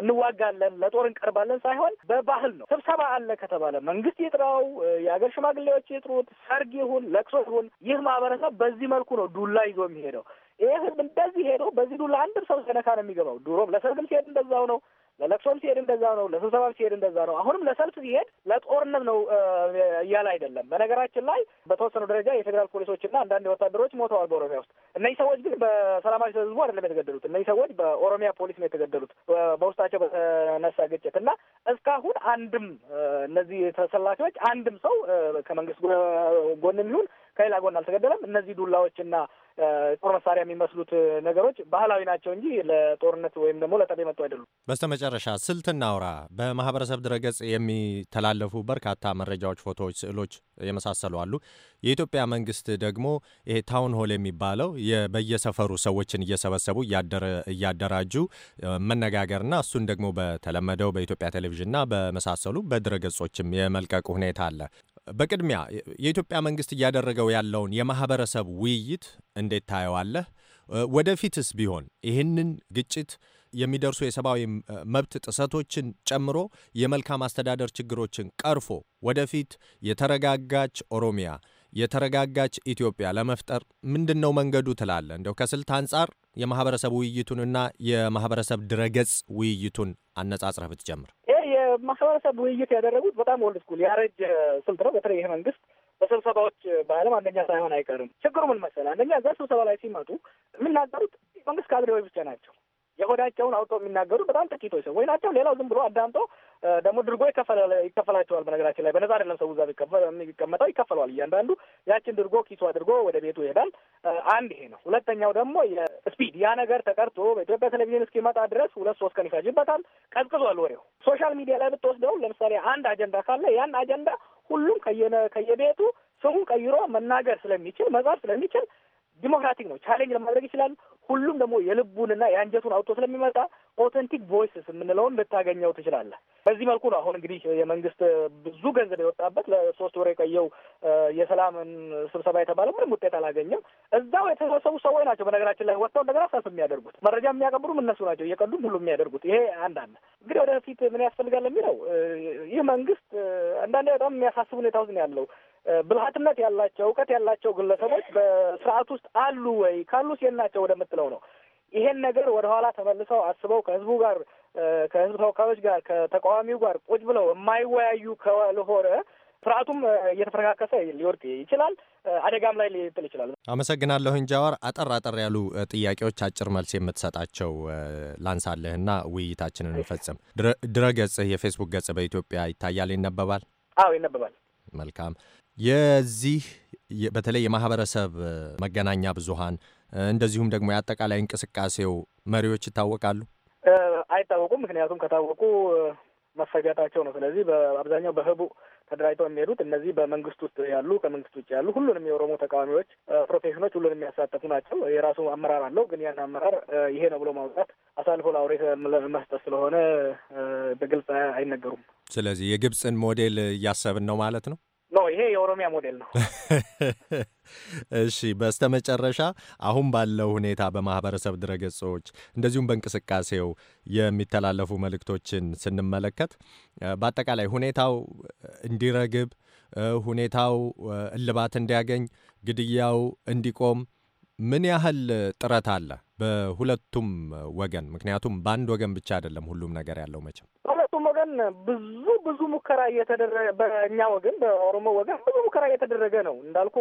እንዋጋለን፣ ለጦር እንቀርባለን ሳይሆን በባህል ነው። ስብሰባ አለ ከተባለ መንግስት ይጥራው፣ የሀገር ሽማግሌዎች ይጥሩት፣ ሰርግ ይሁን ለቅሶ ይሁን ይህ ማህበረሰብ በዚህ መልኩ ነው ዱላ ይዞ የሚሄደው። ይህ ህዝብ እንደዚህ ሄደው በዚህ ዱላ አንድም ሰው ሳይነካ ነው የሚገባው። ድሮም ለሰርግም ሲሄድ እንደዛው ነው። ለለቅሶም ሲሄድ እንደዛ ነው። ለስብሰባም ሲሄድ እንደዛ ነው። አሁንም ለሰልፍ ሲሄድ ለጦርነት ነው እያለ አይደለም። በነገራችን ላይ በተወሰኑ ደረጃ የፌዴራል ፖሊሶችና አንዳንድ ወታደሮች ሞተዋል በኦሮሚያ ውስጥ። እነዚህ ሰዎች ግን በሰላማዊ ህዝቡ አይደለም የተገደሉት። እነዚህ ሰዎች በኦሮሚያ ፖሊስ ነው የተገደሉት በውስጣቸው በተነሳ ግጭት እና እስካሁን አንድም እነዚህ ተሰላፊዎች አንድም ሰው ከመንግስት ጎንም ይሁን ከሌላ ጎን አልተገደለም። እነዚህ ዱላዎችና ጦር መሳሪያ የሚመስሉት ነገሮች ባህላዊ ናቸው እንጂ ለጦርነት ወይም ደግሞ ለጠብ የመጡ አይደሉም። በስተ መጨረሻ ስልት እናውራ። በማህበረሰብ ድረገጽ የሚተላለፉ በርካታ መረጃዎች፣ ፎቶዎች፣ ስዕሎች የመሳሰሉ አሉ። የኢትዮጵያ መንግስት ደግሞ ይሄ ታውን ሆል የሚባለው በየሰፈሩ ሰዎችን እየሰበሰቡ እያደራጁ መነጋገርና እሱን ደግሞ በተለመደው በኢትዮጵያ ቴሌቪዥንና በመሳሰሉ በድረገጾችም የመልቀቅ ሁኔታ አለ። በቅድሚያ የኢትዮጵያ መንግስት እያደረገው ያለውን የማህበረሰብ ውይይት እንዴት ታየዋለህ? ወደፊትስ ቢሆን ይህንን ግጭት የሚደርሱ የሰብአዊ መብት ጥሰቶችን ጨምሮ የመልካም አስተዳደር ችግሮችን ቀርፎ ወደፊት የተረጋጋች ኦሮሚያ፣ የተረጋጋች ኢትዮጵያ ለመፍጠር ምንድን ነው መንገዱ ትላለ እንደው ከስልት አንጻር የማህበረሰብ ውይይቱንና የማህበረሰብ ድረገጽ ውይይቱን አነጻጽረህ ብትጀምር ማህበረሰብ ውይይት ያደረጉት በጣም ወልድ ስኩል ያረጀ ስልት ነው። በተለይ ይህ መንግስት በስብሰባዎች በዓለም አንደኛ ሳይሆን አይቀርም። ችግሩ ምን መሰለህ? አንደኛ እዛ ስብሰባ ላይ ሲመጡ የሚናገሩት መንግስት ካድሬዎች ብቻ ናቸው። የሆዳቸውን አውጥተው የሚናገሩ በጣም ጥቂቶች ሰዎች ናቸው። ሌላው ዝም ብሎ አዳምጦ ደግሞ ድርጎ ይከፈላቸዋል። በነገራችን ላይ በነጻ አይደለም ሰው እዛ የሚቀመጠው ይከፈለዋል። እያንዳንዱ ያችን ድርጎ ኪሱ አድርጎ ወደ ቤቱ ይሄዳል። አንድ ይሄ ነው። ሁለተኛው ደግሞ ስፒድ ያ ነገር ተቀርቶ በኢትዮጵያ ቴሌቪዥን እስኪመጣ ድረስ ሁለት ሶስት ቀን ይፈጅበታል። ቀዝቅዟል ወሬው። ሶሻል ሚዲያ ላይ ብትወስደው ለምሳሌ አንድ አጀንዳ ካለ ያን አጀንዳ ሁሉም ከየቤቱ ስሙን ቀይሮ መናገር ስለሚችል መጻፍ ስለሚችል ዲሞክራቲክ ነው። ቻሌንጅ ለማድረግ ይችላል። ሁሉም ደግሞ የልቡንና የአንጀቱን አውጥቶ ስለሚመጣ ኦተንቲክ ቮይስስ የምንለውን ልታገኘው ትችላለህ። በዚህ መልኩ ነው አሁን እንግዲህ የመንግስት ብዙ ገንዘብ የወጣበት ለሶስት ወር የቆየው የሰላምን ስብሰባ የተባለ ምንም ውጤት አላገኘም። እዛው የተሰበሰቡ ሰዎች ናቸው በነገራችን ላይ ወጥተው እንደገና ሰልፍ የሚያደርጉት መረጃ የሚያቀብሉም እነሱ ናቸው፣ እየቀዱም ሁሉ የሚያደርጉት። ይሄ አለ። እንግዲህ ወደፊት ምን ያስፈልጋል የሚለው ይህ መንግስት አንዳንዴ በጣም የሚያሳስብ ሁኔታ ውስጥ ነው ያለው። ብልሃትነት ያላቸው እውቀት ያላቸው ግለሰቦች በስርዓት ውስጥ አሉ ወይ ካሉስ የት ወደምትለው ነው። ይሄን ነገር ወደ ኋላ ተመልሰው አስበው ከህዝቡ ጋር ከህዝብ ተወካዮች ጋር ከተቃዋሚው ጋር ቁጭ ብለው የማይወያዩ ከልሆነ ስርዓቱም እየተፈረካከሰ ሊወድቅ ይችላል፣ አደጋም ላይ ሊጥል ይችላል። አመሰግናለሁኝ። ጃዋር፣ አጠር አጠር ያሉ ጥያቄዎች አጭር መልስ የምትሰጣቸው ላንሳልህና ውይይታችንን እንፈጽም። ድረ ገጽህ የፌስቡክ ገጽ በኢትዮጵያ ይታያል፣ ይነበባል? አዎ ይነበባል። መልካም የዚህ በተለይ የማህበረሰብ መገናኛ ብዙሃን እንደዚሁም ደግሞ የአጠቃላይ እንቅስቃሴው መሪዎች ይታወቃሉ? አይታወቁም። ምክንያቱም ከታወቁ መፈጃታቸው ነው። ስለዚህ በአብዛኛው በህቡ ተደራጅተው የሚሄዱት እነዚህ በመንግስት ውስጥ ያሉ ከመንግስት ውጭ ያሉ ሁሉንም የኦሮሞ ተቃዋሚዎች ፕሮፌሽኖች ሁሉንም የሚያሳተፉ ናቸው። የራሱ አመራር አለው። ግን ያን አመራር ይሄ ነው ብሎ ማውጣት አሳልፎ ለአውሬ መስጠት ስለሆነ በግልጽ አይነገሩም። ስለዚህ የግብፅን ሞዴል እያሰብን ነው ማለት ነው። ነው። ይሄ የኦሮሚያ ሞዴል ነው። እሺ፣ በስተመጨረሻ አሁን ባለው ሁኔታ በማህበረሰብ ድረገጾች እንደዚሁም በእንቅስቃሴው የሚተላለፉ መልእክቶችን ስንመለከት በአጠቃላይ ሁኔታው እንዲረግብ፣ ሁኔታው እልባት እንዲያገኝ፣ ግድያው እንዲቆም ምን ያህል ጥረት አለ በሁለቱም ወገን? ምክንያቱም በአንድ ወገን ብቻ አይደለም ሁሉም ነገር ያለው መቼም በእነሱም ወገን ብዙ ብዙ ሙከራ እየተደረገ በእኛ ወገን በኦሮሞ ወገን ብዙ ሙከራ እየተደረገ ነው። እንዳልኩ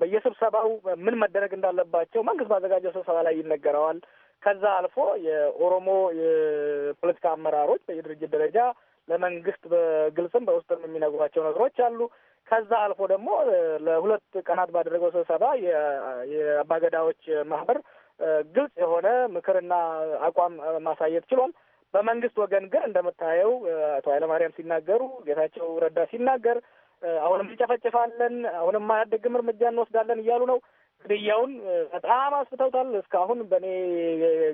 በየስብሰባው ምን መደረግ እንዳለባቸው መንግስት ባዘጋጀው ስብሰባ ላይ ይነገረዋል። ከዛ አልፎ የኦሮሞ የፖለቲካ አመራሮች በየድርጅት ደረጃ ለመንግስት በግልጽም በውስጥም የሚነግሯቸው ነገሮች አሉ። ከዛ አልፎ ደግሞ ለሁለት ቀናት ባደረገው ስብሰባ የአባገዳዎች ማህበር ግልጽ የሆነ ምክርና አቋም ማሳየት ችሏል። በመንግስት ወገን ግን እንደምታየው አቶ ኃይለማርያም ሲናገሩ፣ ጌታቸው ረዳ ሲናገር አሁንም እንጨፈጭፋለን፣ አሁንም አያዳግም እርምጃ እንወስዳለን እያሉ ነው። ግድያውን በጣም አስፍተውታል። እስካሁን በእኔ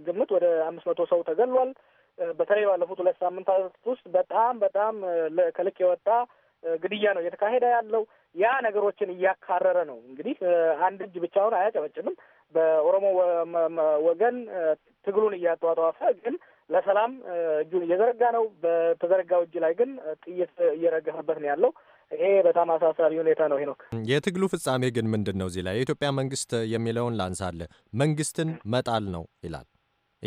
ግምት ወደ አምስት መቶ ሰው ተገሏል። በተለይ ባለፉት ሁለት ሳምንታት ውስጥ በጣም በጣም ከልክ የወጣ ግድያ ነው እየተካሄደ ያለው። ያ ነገሮችን እያካረረ ነው። እንግዲህ አንድ እጅ ብቻውን አያጨበጭብም። በኦሮሞ ወገን ትግሉን እያጧጧፈ ግን ለሰላም እጁን እየዘረጋ ነው። በተዘረጋው እጅ ላይ ግን ጥይት እየረገፈበት ነው ያለው። ይሄ በጣም አሳሳቢ ሁኔታ ነው። ሄኖክ፣ የትግሉ ፍጻሜ ግን ምንድን ነው? እዚህ ላይ የኢትዮጵያ መንግስት የሚለውን ላንሳለ መንግስትን መጣል ነው ይላል።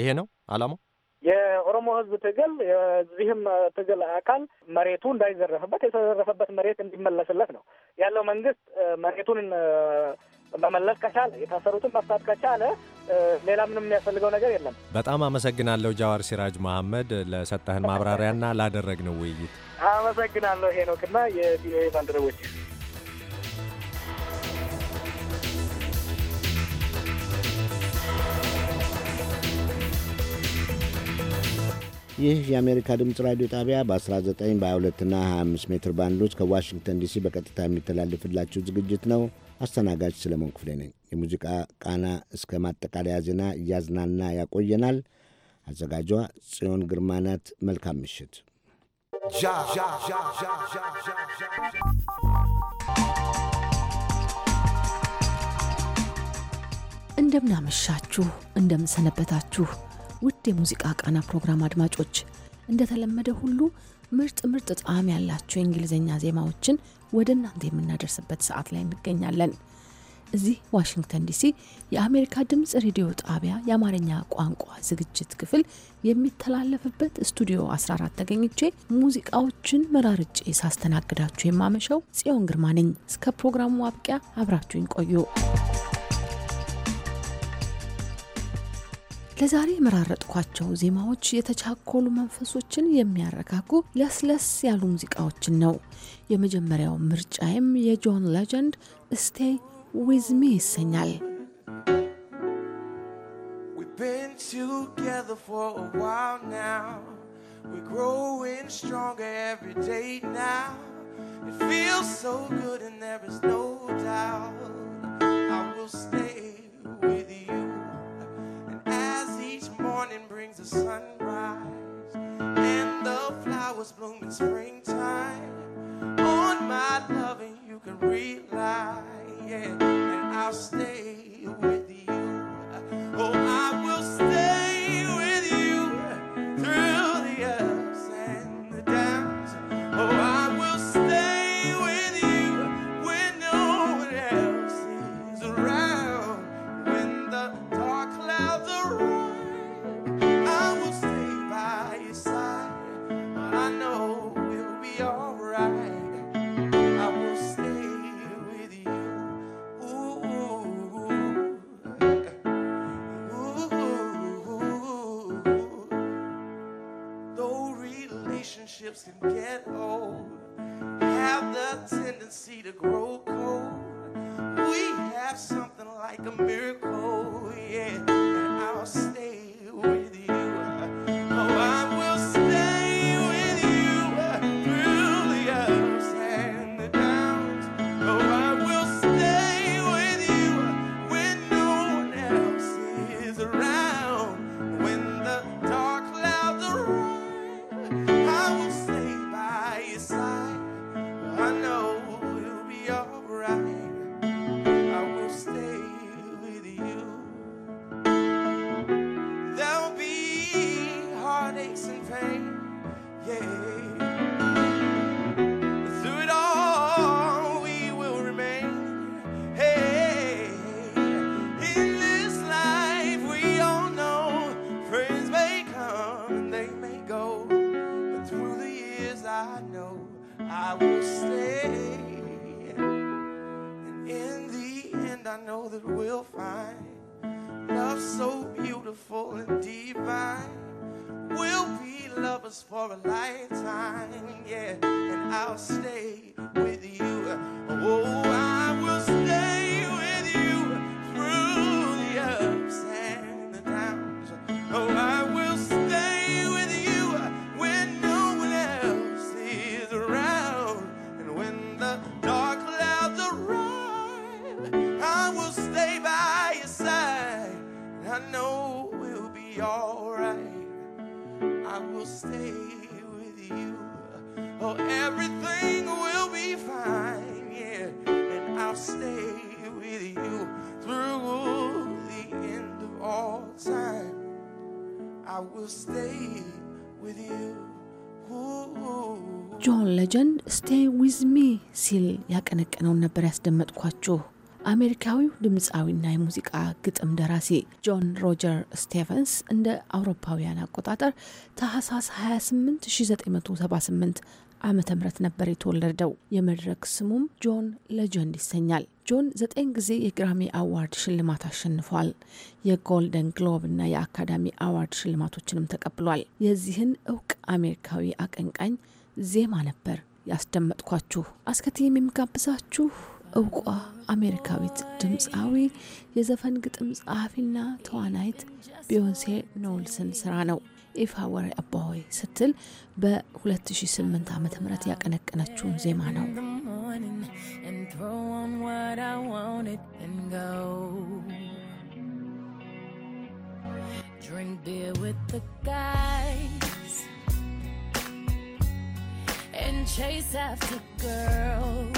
ይሄ ነው አላማው። የኦሮሞ ህዝብ ትግል የዚህም ትግል አካል መሬቱ እንዳይዘረፍበት የተዘረፈበት መሬት እንዲመለስለት ነው ያለው። መንግስት መሬቱን መመለስ ከቻለ የታሰሩትን መፍታት ከቻለ ሌላ ምንም የሚያስፈልገው ነገር የለም። በጣም አመሰግናለሁ ጃዋር ሲራጅ መሐመድ ለሰጠህን ማብራሪያና ላደረግነው ውይይት አመሰግናለሁ። ሄኖክና የቪኦኤ ባልደረቦች ይህ የአሜሪካ ድምፅ ራዲዮ ጣቢያ በ19 በ22ና 25 ሜትር ባንዶች ከዋሽንግተን ዲሲ በቀጥታ የሚተላለፍላችሁ ዝግጅት ነው። አስተናጋጅ ሰለሞን ክፍሌ ነኝ። የሙዚቃ ቃና እስከ ማጠቃለያ ዜና እያዝናና ያቆየናል። አዘጋጇ ጽዮን ግርማ ናት። መልካም ምሽት። እንደምናመሻችሁ፣ እንደምንሰነበታችሁ ውድ የሙዚቃ ቃና ፕሮግራም አድማጮች እንደተለመደ ሁሉ ምርጥ ምርጥ ጣዕም ያላቸው የእንግሊዝኛ ዜማዎችን ወደ እናንተ የምናደርስበት ሰዓት ላይ እንገኛለን። እዚህ ዋሽንግተን ዲሲ የአሜሪካ ድምፅ ሬዲዮ ጣቢያ የአማርኛ ቋንቋ ዝግጅት ክፍል የሚተላለፍበት ስቱዲዮ 14 ተገኝቼ ሙዚቃዎችን መራርጬ ሳስተናግዳችሁ የማመሸው ጽዮን ግርማ ነኝ። እስከ ፕሮግራሙ አብቂያ አብራችሁኝ ቆዩ። ለዛሬ የመራረጥኳቸው ዜማዎች የተቻኮሉ መንፈሶችን የሚያረጋጉ ለስለስ ያሉ ሙዚቃዎችን ነው። የመጀመሪያው ምርጫዬም የጆን ሌጀንድ ስቴይ ዊዝሚ ይሰኛል። We're growing stronger every feels so good, and there is no doubt I will stay. morning brings the sunrise and the flowers bloom in springtime. On my loving, you can rely, yeah, and I'll stay with you. Oh, I will. hips can get old, have the tendency to grow cold. We have something like a miracle. ያቀነቀነውን ነበር ያስደመጥኳችሁ። አሜሪካዊው ድምፃዊና የሙዚቃ ግጥም ደራሲ ጆን ሮጀር ስቴቨንስ እንደ አውሮፓውያን አቆጣጠር ታህሳስ 28 1978 ዓመተ ነበር የተወለደው። የመድረክ ስሙም ጆን ሌጀንድ ይሰኛል። ጆን ዘጠኝ ጊዜ የግራሚ አዋርድ ሽልማት አሸንፏል። የጎልደን ግሎብ እና የአካዳሚ አዋርድ ሽልማቶችንም ተቀብሏል። የዚህን እውቅ አሜሪካዊ አቀንቃኝ ዜማ ነበር ያስደመጥኳችሁ። አስከትዬም የሚጋብዛችሁ እውቋ አሜሪካዊት ድምፃዊ የዘፈን ግጥም ጸሐፊና ተዋናይት ቢዮንሴ ኖልስን ስራ ነው። ኢፍ አባሆይ ስትል በ2008 ዓ ም ያቀነቀነችውን ዜማ ነው። Drink beer with the guys and chase after girls.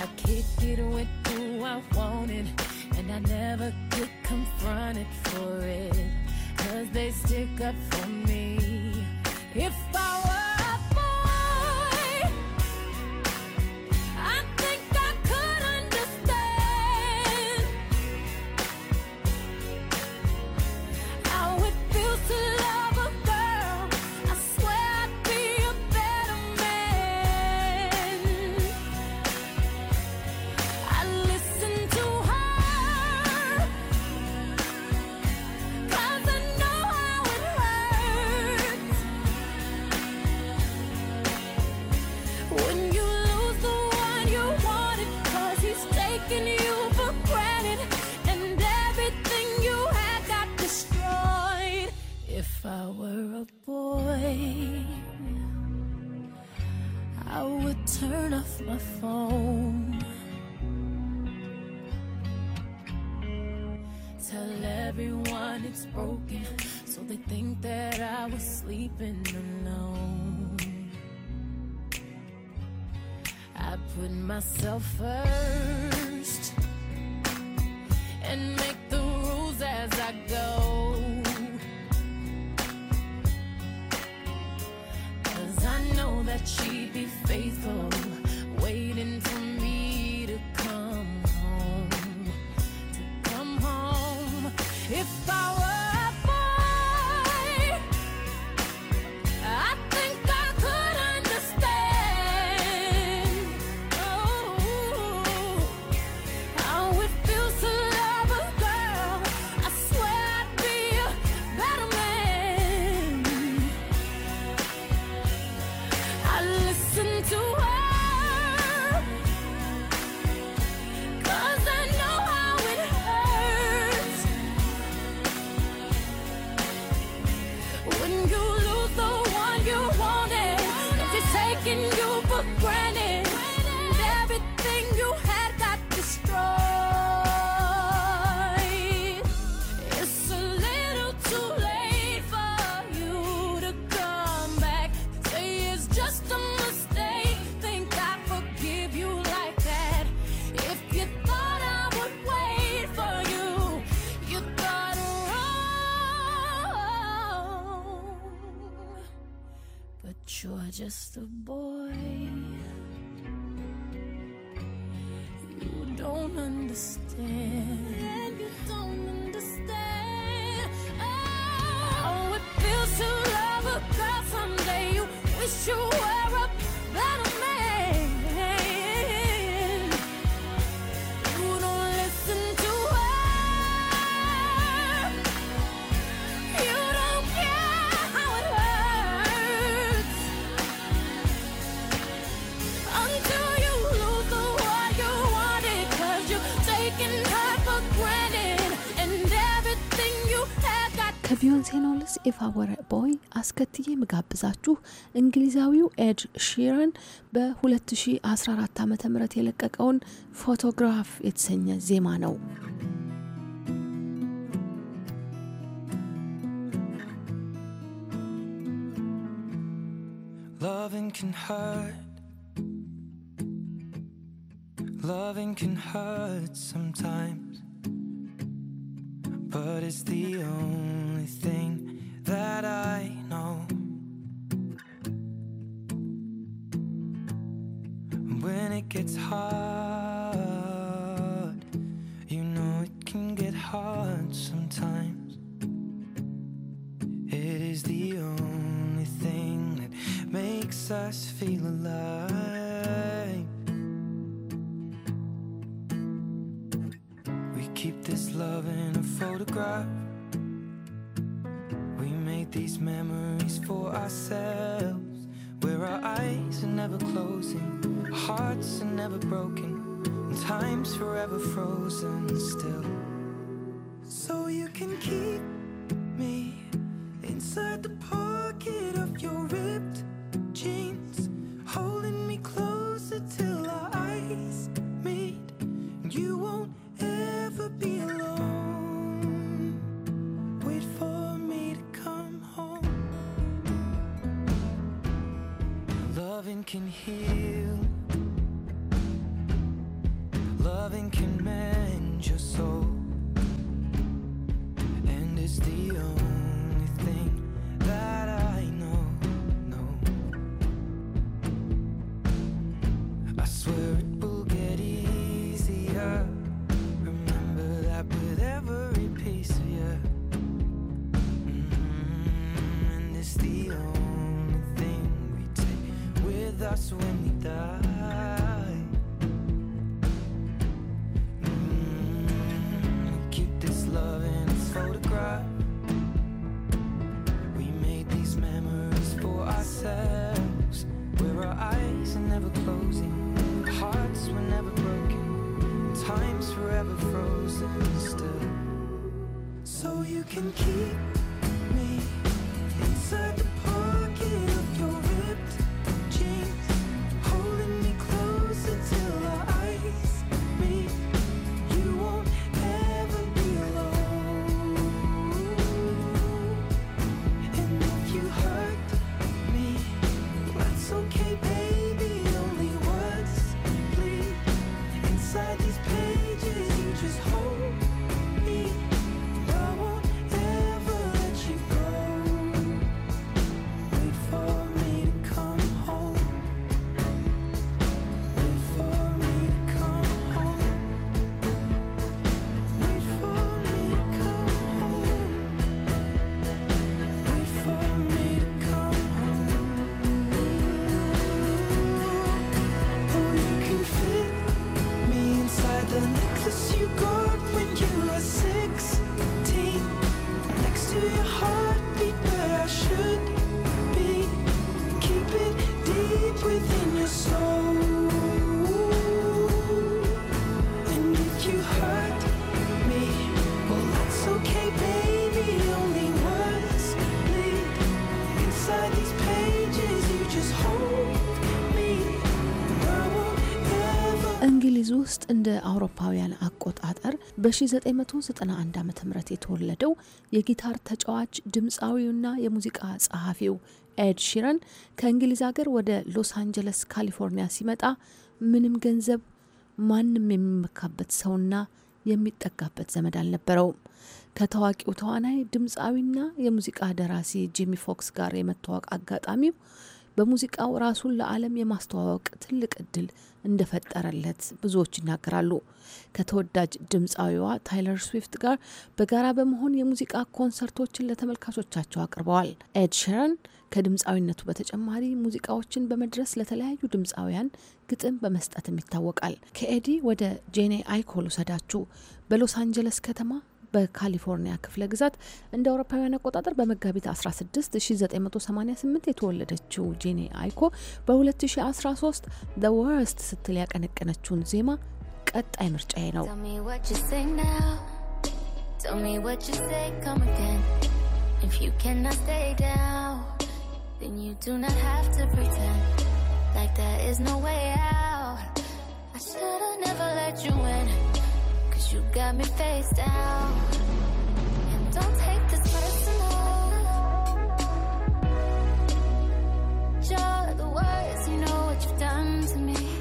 I kick it with who I wanted, and I never get confronted for it. Cause they stick up for me. If I boy, I would turn off my phone. Tell everyone it's broken, so they think that I was sleeping alone. I put myself first and make the rules as I go. that she'd be faithful, waiting for me. ቢዮንሴ ነው ልስ ኢፍ አይ ወር ቦይ አስከትዬ ምጋብዛችሁ እንግሊዛዊው ኤድ ሺረን በ2014 ዓ ም የለቀቀውን ፎቶግራፍ የተሰኘ ዜማ ነው። Loving can hurt. Loving can hurt sometimes. but it's the only thing that I know. When it gets hard, you know it can get hard sometimes. It is the only thing that makes us feel alive. love in a photograph. We made these memories for ourselves, where our eyes are never closing, hearts are never broken, and time's forever frozen still. So you can keep me inside the pocket of your ripped jeans, holding me closer till our eyes meet. You won't. can heal እንግሊዝ ውስጥ እንደ አውሮፓውያን አቆ በ1991 ዓ ም የተወለደው የጊታር ተጫዋች ድምፃዊውና የሙዚቃ ጸሐፊው ኤድ ሺረን ከእንግሊዝ ሀገር ወደ ሎስ አንጀለስ ካሊፎርኒያ ሲመጣ ምንም ገንዘብ፣ ማንም የሚመካበት ሰውና የሚጠጋበት ዘመድ አልነበረውም። ከታዋቂው ተዋናይ ድምፃዊና የሙዚቃ ደራሲ ጂሚ ፎክስ ጋር የመተዋወቅ አጋጣሚው በሙዚቃው ራሱን ለዓለም የማስተዋወቅ ትልቅ እድል እንደፈጠረለት ብዙዎች ይናገራሉ። ከተወዳጅ ድምፃዊዋ ታይለር ስዊፍት ጋር በጋራ በመሆን የሙዚቃ ኮንሰርቶችን ለተመልካቾቻቸው አቅርበዋል። ኤድ ሸረን ከድምፃዊነቱ በተጨማሪ ሙዚቃዎችን በመድረስ ለተለያዩ ድምፃውያን ግጥም በመስጠትም ይታወቃል። ከኤዲ ወደ ጄኔ አይኮል ውሰዳችሁ በሎስ አንጀለስ ከተማ በካሊፎርኒያ ክፍለ ግዛት እንደ አውሮፓውያን አቆጣጠር በመጋቢት 16 የተወለደችው ጄኒ አይኮ በ2013 ዘ ወርስት ስትል ያቀነቀነችውን ዜማ ቀጣይ ምርጫዬ ነው። You got me face down. And don't take this personal. You're the worst, you know what you've done to me.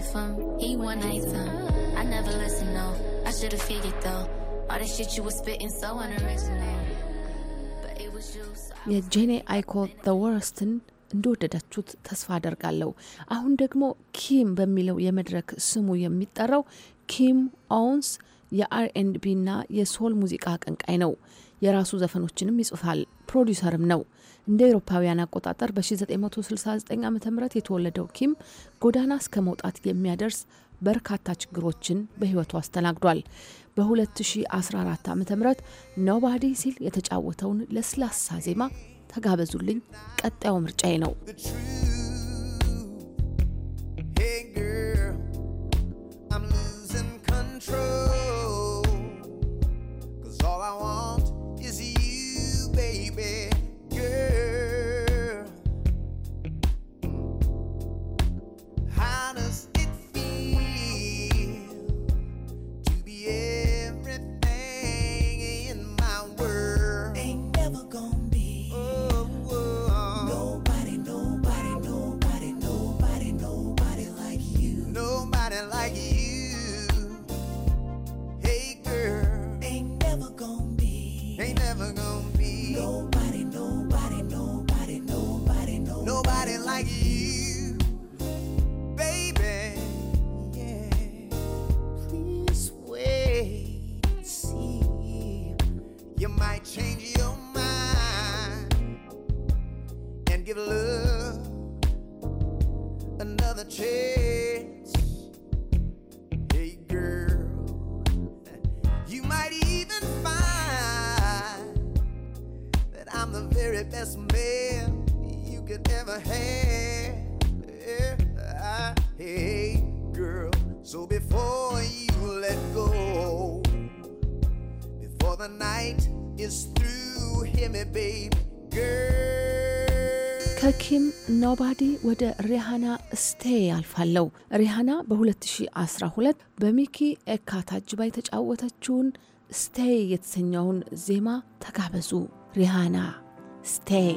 fight him. He one night time. I never listen, no. I should have figured though. All the shit you were spitting so unoriginal. But it was you, so I was Jenny, I called the worst. እንደወደዳችሁት ተስፋ አደርጋለሁ። አሁን ደግሞ ኪም በሚለው የመድረክ ስሙ የሚጠራው ኪም ኦውንስ የአርኤንቢ እና የሶል ሙዚቃ አቀንቃይ ነው። የራሱ ዘፈኖችንም ይጽፋል፣ ፕሮዲውሰርም ነው። እንደ ኤሮፓውያን አቆጣጠር በ1969 ዓ ም የተወለደው ኪም ጎዳና እስከ መውጣት የሚያደርስ በርካታ ችግሮችን በህይወቱ አስተናግዷል። በ2014 ዓ ም ኖባዲ ሲል የተጫወተውን ለስላሳ ዜማ ተጋበዙልኝ። ቀጣዩ ምርጫዬ ነው። True. Eh, ከኪም ኖባዲ ወደ ሪሃና ስቴይ ያልፋለው። ሪሃና በ2012 በሚኪ ኤካ ታጅባ የተጫወተችውን ስቴይ የተሰኘውን ዜማ ተጋበዙ። ሪሃና ስቴይ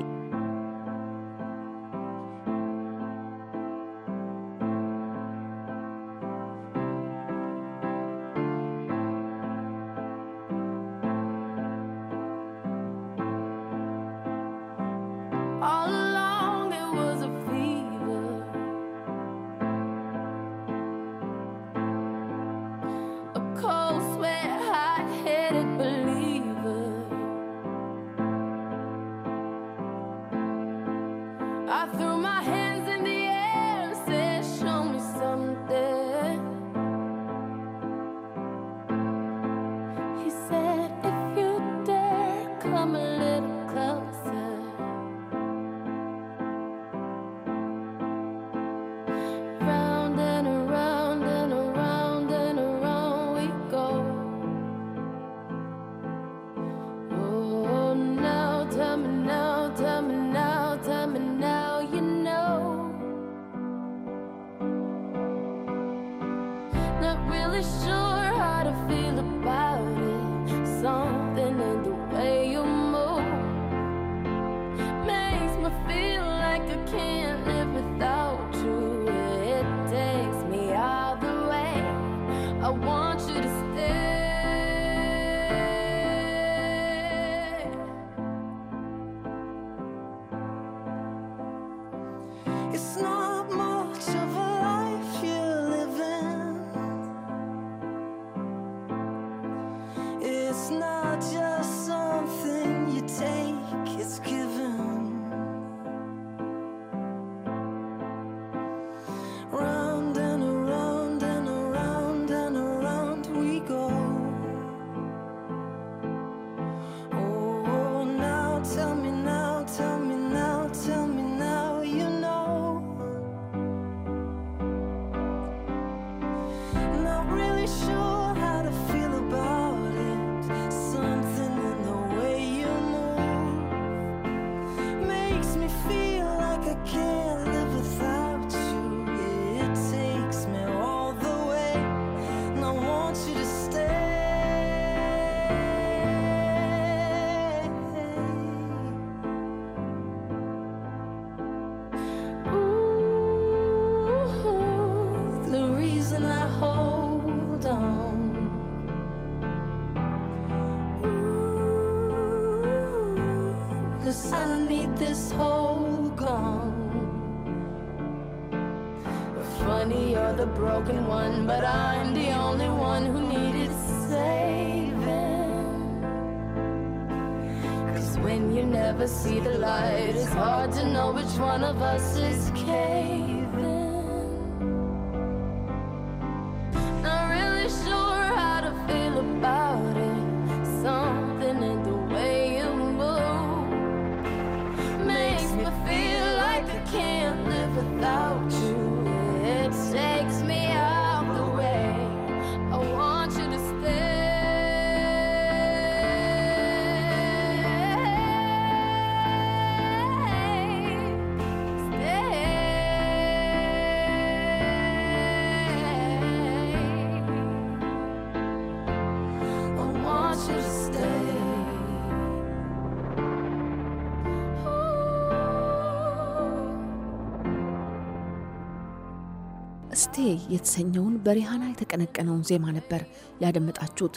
መፍትሄ የተሰኘውን በሪሃና የተቀነቀነውን ዜማ ነበር ያደመጣችሁት።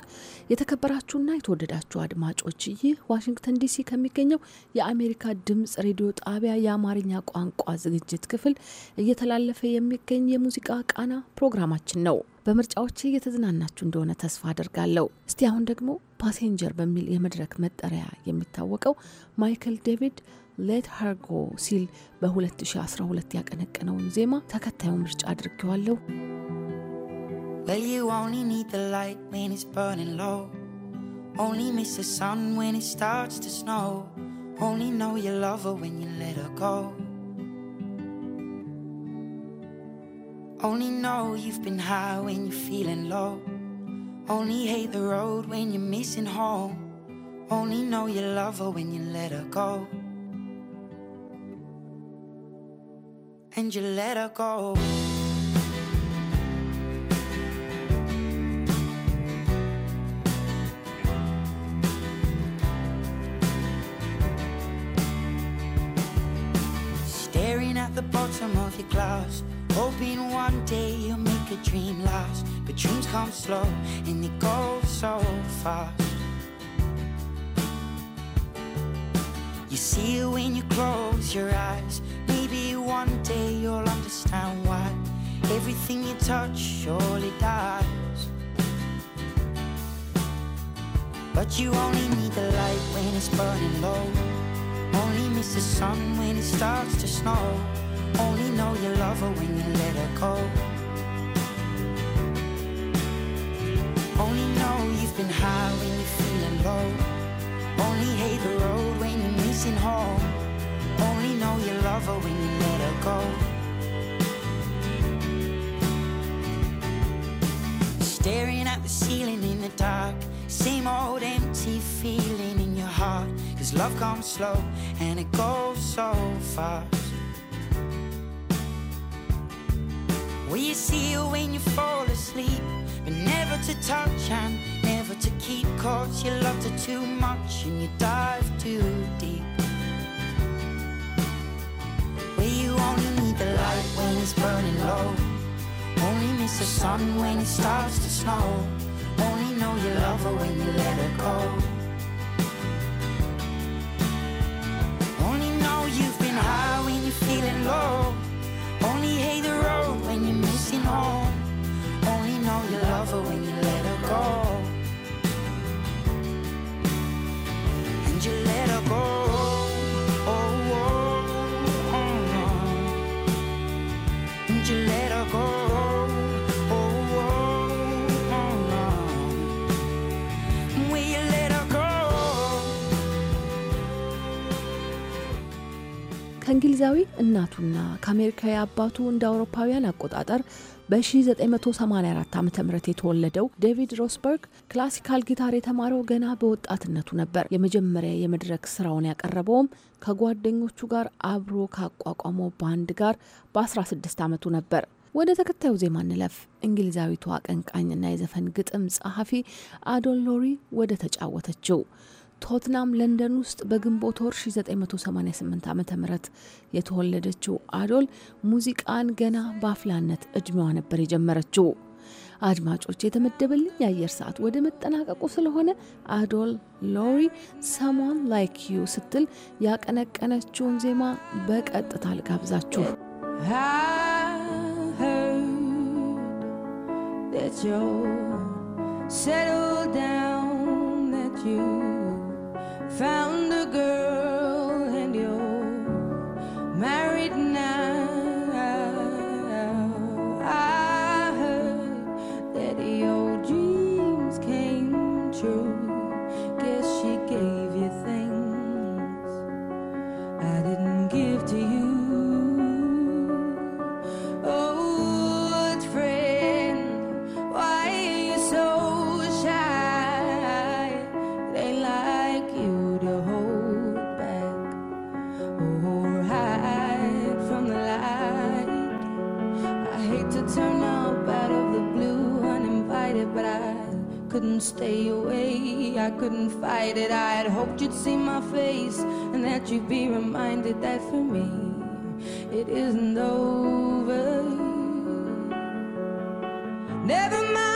የተከበራችሁና የተወደዳችሁ አድማጮች ይህ ዋሽንግተን ዲሲ ከሚገኘው የአሜሪካ ድምፅ ሬዲዮ ጣቢያ የአማርኛ ቋንቋ ዝግጅት ክፍል እየተላለፈ የሚገኝ የሙዚቃ ቃና ፕሮግራማችን ነው። በምርጫዎች እየተዝናናችሁ እንደሆነ ተስፋ አድርጋለሁ። እስቲ አሁን ደግሞ ፓሴንጀር በሚል የመድረክ መጠሪያ የሚታወቀው ማይክል ዴቪድ ሌት ሀር ጎ ሲል በ2012 ያቀነቀነውን ዜማ ተከታዩ ምርጫ አድርጌዋለሁ። Well, you only need the light when it's burning low. Only miss the sun when it starts to snow. Only know you love her when you let her go. Only know you've been high when you're feeling low. Only hate the road when you're missing home. Only know you love her when you let her go. and you let her go. Staring at the bottom of your glass, hoping one day you'll make a dream last. But dreams come slow and they go so fast. see it when you close your eyes. Maybe one day you'll understand why everything you touch surely dies. But you only need the light when it's burning low. Only miss the sun when it starts to snow. Only know you love her when you let her go. Only know you've been high when you're feeling low. Only hate the road when nursing home. Only know you love her when you let her go. Staring at the ceiling in the dark, same old empty feeling in your heart. Cause love comes slow and it goes so fast. Will you see her when you fall asleep? But never to touch and never to keep. Cause you loved her too much and you dive too deep you only need the light when it's burning low. Only miss the sun when it starts to snow. Only know you love her when you let her go. Only know you've been high when you're feeling low. Only hate the road when you're missing home. Only know you love her when you let her go. And you let her go. ከእንግሊዛዊ እናቱና ከአሜሪካዊ አባቱ እንደ አውሮፓውያን አቆጣጠር በ1984 ዓ ም የተወለደው ዴቪድ ሮስበርግ ክላሲካል ጊታር የተማረው ገና በወጣትነቱ ነበር። የመጀመሪያ የመድረክ ስራውን ያቀረበውም ከጓደኞቹ ጋር አብሮ ካቋቋመው ባንድ ጋር በ16 ዓመቱ ነበር። ወደ ተከታዩ ዜማ እንለፍ። እንግሊዛዊቷ አቀንቃኝና የዘፈን ግጥም ጸሐፊ አዶል ሎሪ ወደ ተጫወተችው ቶትናም ለንደን ውስጥ በግንቦት ወር 1988 ዓ ም የተወለደችው አዶል ሙዚቃን ገና በአፍላነት እድሜዋ ነበር የጀመረችው። አድማጮች፣ የተመደበልኝ የአየር ሰዓት ወደ መጠናቀቁ ስለሆነ አዶል ሎሪ ሰሞን ላይክ ዩ ስትል ያቀነቀነችውን ዜማ በቀጥታ ልጋብዛችሁ። That you settle down, that you found stay away. I couldn't fight it. I had hoped you'd see my face and that you'd be reminded that for me it isn't over. Never mind.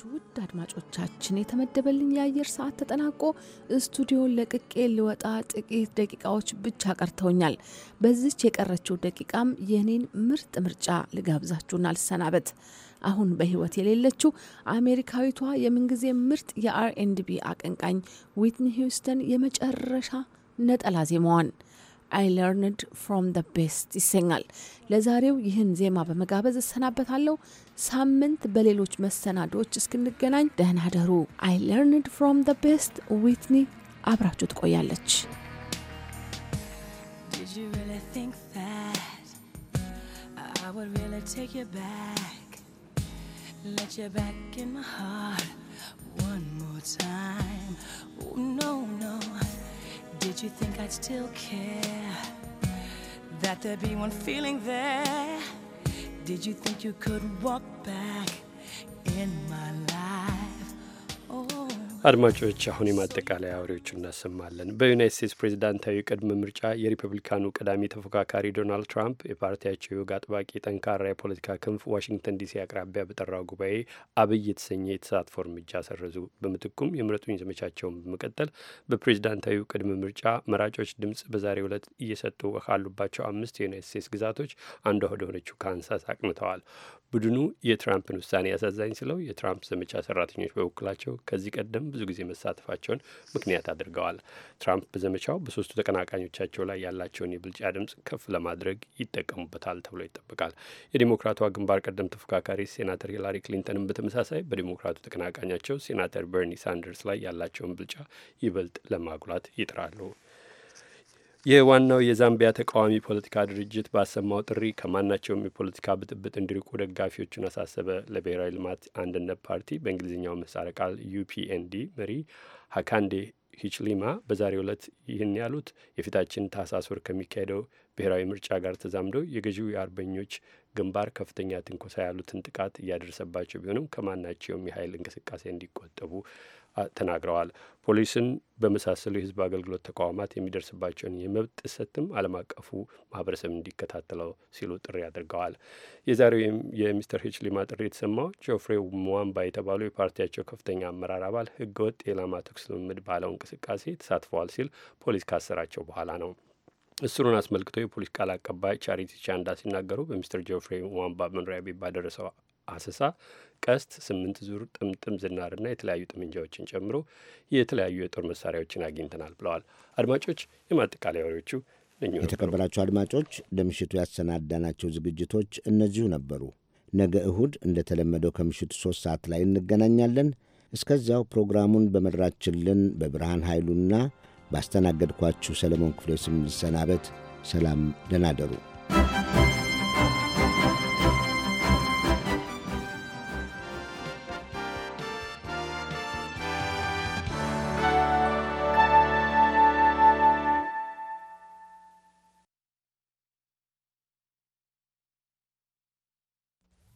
የተወደዳችሁ ውድ አድማጮቻችን የተመደበልኝ የአየር ሰዓት ተጠናቆ ስቱዲዮን ለቅቄ ልወጣ ጥቂት ደቂቃዎች ብቻ ቀርተውኛል። በዚች የቀረችው ደቂቃም የኔን ምርጥ ምርጫ ልጋብዛችሁና ልሰናበት። አሁን በህይወት የሌለችው አሜሪካዊቷ የምንጊዜ ምርጥ የአርኤንድቢ አቀንቃኝ ዊትኒ ሂውስተን የመጨረሻ ነጠላ ዜማዋን አይ ለርንድ ፍሮም ደ ቤስት ይሰኛል። ለዛሬው ይህን ዜማ በመጋበዝ እሰናበታለሁ። ሳምንት በሌሎች መሰናዶዎች እስክንገናኝ ደህና ደሩ። አይ ለርንድ ፍሮም ደ ቤስት ዊትኒ አብራችሁ ትቆያለች። Did you think I'd still care? That there'd be one feeling there? Did you think you could walk back in my life? አድማጮች አሁን የማጠቃለያ አውሬዎቹ እናሰማለን። በዩናይት ስቴትስ ፕሬዚዳንታዊ ቅድመ ምርጫ የሪፐብሊካኑ ቀዳሚ ተፎካካሪ ዶናልድ ትራምፕ የፓርቲያቸው የወግ አጥባቂ ጠንካራ የፖለቲካ ክንፍ ዋሽንግተን ዲሲ አቅራቢያ በጠራው ጉባኤ አብይ የተሰኘ የተሳትፎ እርምጃ ሰረዙ። በምትኩም የምረጡኝ ዘመቻቸውን በመቀጠል በፕሬዚዳንታዊ ቅድመ ምርጫ መራጮች ድምፅ በዛሬው ዕለት እየሰጡ ካሉባቸው አምስት የዩናይት ስቴትስ ግዛቶች አንዷ ወደሆነችው ካንሳስ አቅንተዋል። ቡድኑ የትራምፕን ውሳኔ ያሳዛኝ ስለው የትራምፕ ዘመቻ ሰራተኞች በበኩላቸው ከዚህ ቀደም ብዙ ጊዜ መሳተፋቸውን ምክንያት አድርገዋል። ትራምፕ በዘመቻው በሶስቱ ተቀናቃኞቻቸው ላይ ያላቸውን የብልጫ ድምፅ ከፍ ለማድረግ ይጠቀሙበታል ተብሎ ይጠበቃል። የዴሞክራቷ ግንባር ቀደም ተፎካካሪ ሴናተር ሂላሪ ክሊንተንም በተመሳሳይ በዲሞክራቱ ተቀናቃኛቸው ሴናተር በርኒ ሳንደርስ ላይ ያላቸውን ብልጫ ይበልጥ ለማጉላት ይጥራሉ። የዋናው የዛምቢያ ተቃዋሚ ፖለቲካ ድርጅት ባሰማው ጥሪ ከማናቸውም የፖለቲካ ብጥብጥ እንዲርቁ ደጋፊዎቹን አሳሰበ። ለብሔራዊ ልማት አንድነት ፓርቲ በእንግሊዝኛው ምህጻረ ቃል ዩፒኤንዲ መሪ ሀካንዴ ሂችሊማ በዛሬው ዕለት ይህን ያሉት የፊታችን ታህሳስ ወር ከሚካሄደው ብሔራዊ ምርጫ ጋር ተዛምደው የገዢው የአርበኞች ግንባር ከፍተኛ ትንኮሳ ያሉትን ጥቃት እያደረሰባቸው ቢሆንም ከማናቸውም የኃይል እንቅስቃሴ እንዲቆጠቡ ተናግረዋል። ፖሊስን በመሳሰሉ የህዝብ አገልግሎት ተቋማት የሚደርስባቸውን የመብት ጥሰትም ዓለም አቀፉ ማህበረሰብ እንዲከታተለው ሲሉ ጥሪ አድርገዋል። የዛሬው የሚስተር ሊማ ጥሪ የተሰማው ጆፍሬ ሙዋምባ የተባሉ የፓርቲያቸው ከፍተኛ አመራር አባል ህገወጥ የላማ ተኩስ ልምምድ ባለው እንቅስቃሴ ተሳትፈዋል ሲል ፖሊስ ካሰራቸው በኋላ ነው። እስሩን አስመልክቶ የፖሊስ ቃል አቀባይ ቻሪቲ ቻንዳ ሲናገሩ በሚስተር ጆፍሬ ሙዋምባ መኖሪያ ቤት ባደረሰው አሰሳ ቀስት፣ ስምንት ዙር ጥምጥም ዝናርና የተለያዩ ጠመንጃዎችን ጨምሮ የተለያዩ የጦር መሳሪያዎችን አግኝተናል ብለዋል። አድማጮች፣ የማጠቃለያ ወሬዎቹ የተቀበላቸው አድማጮች፣ ለምሽቱ ያሰናዳናቸው ዝግጅቶች እነዚሁ ነበሩ። ነገ እሁድ እንደተለመደው ከምሽቱ ሶስት ሰዓት ላይ እንገናኛለን። እስከዚያው ፕሮግራሙን በመድራችልን በብርሃን ኃይሉና ባስተናገድኳችሁ ሰለሞን ክፍሌ ስም ልሰናበት። ሰላም፣ ደህና ደሩ።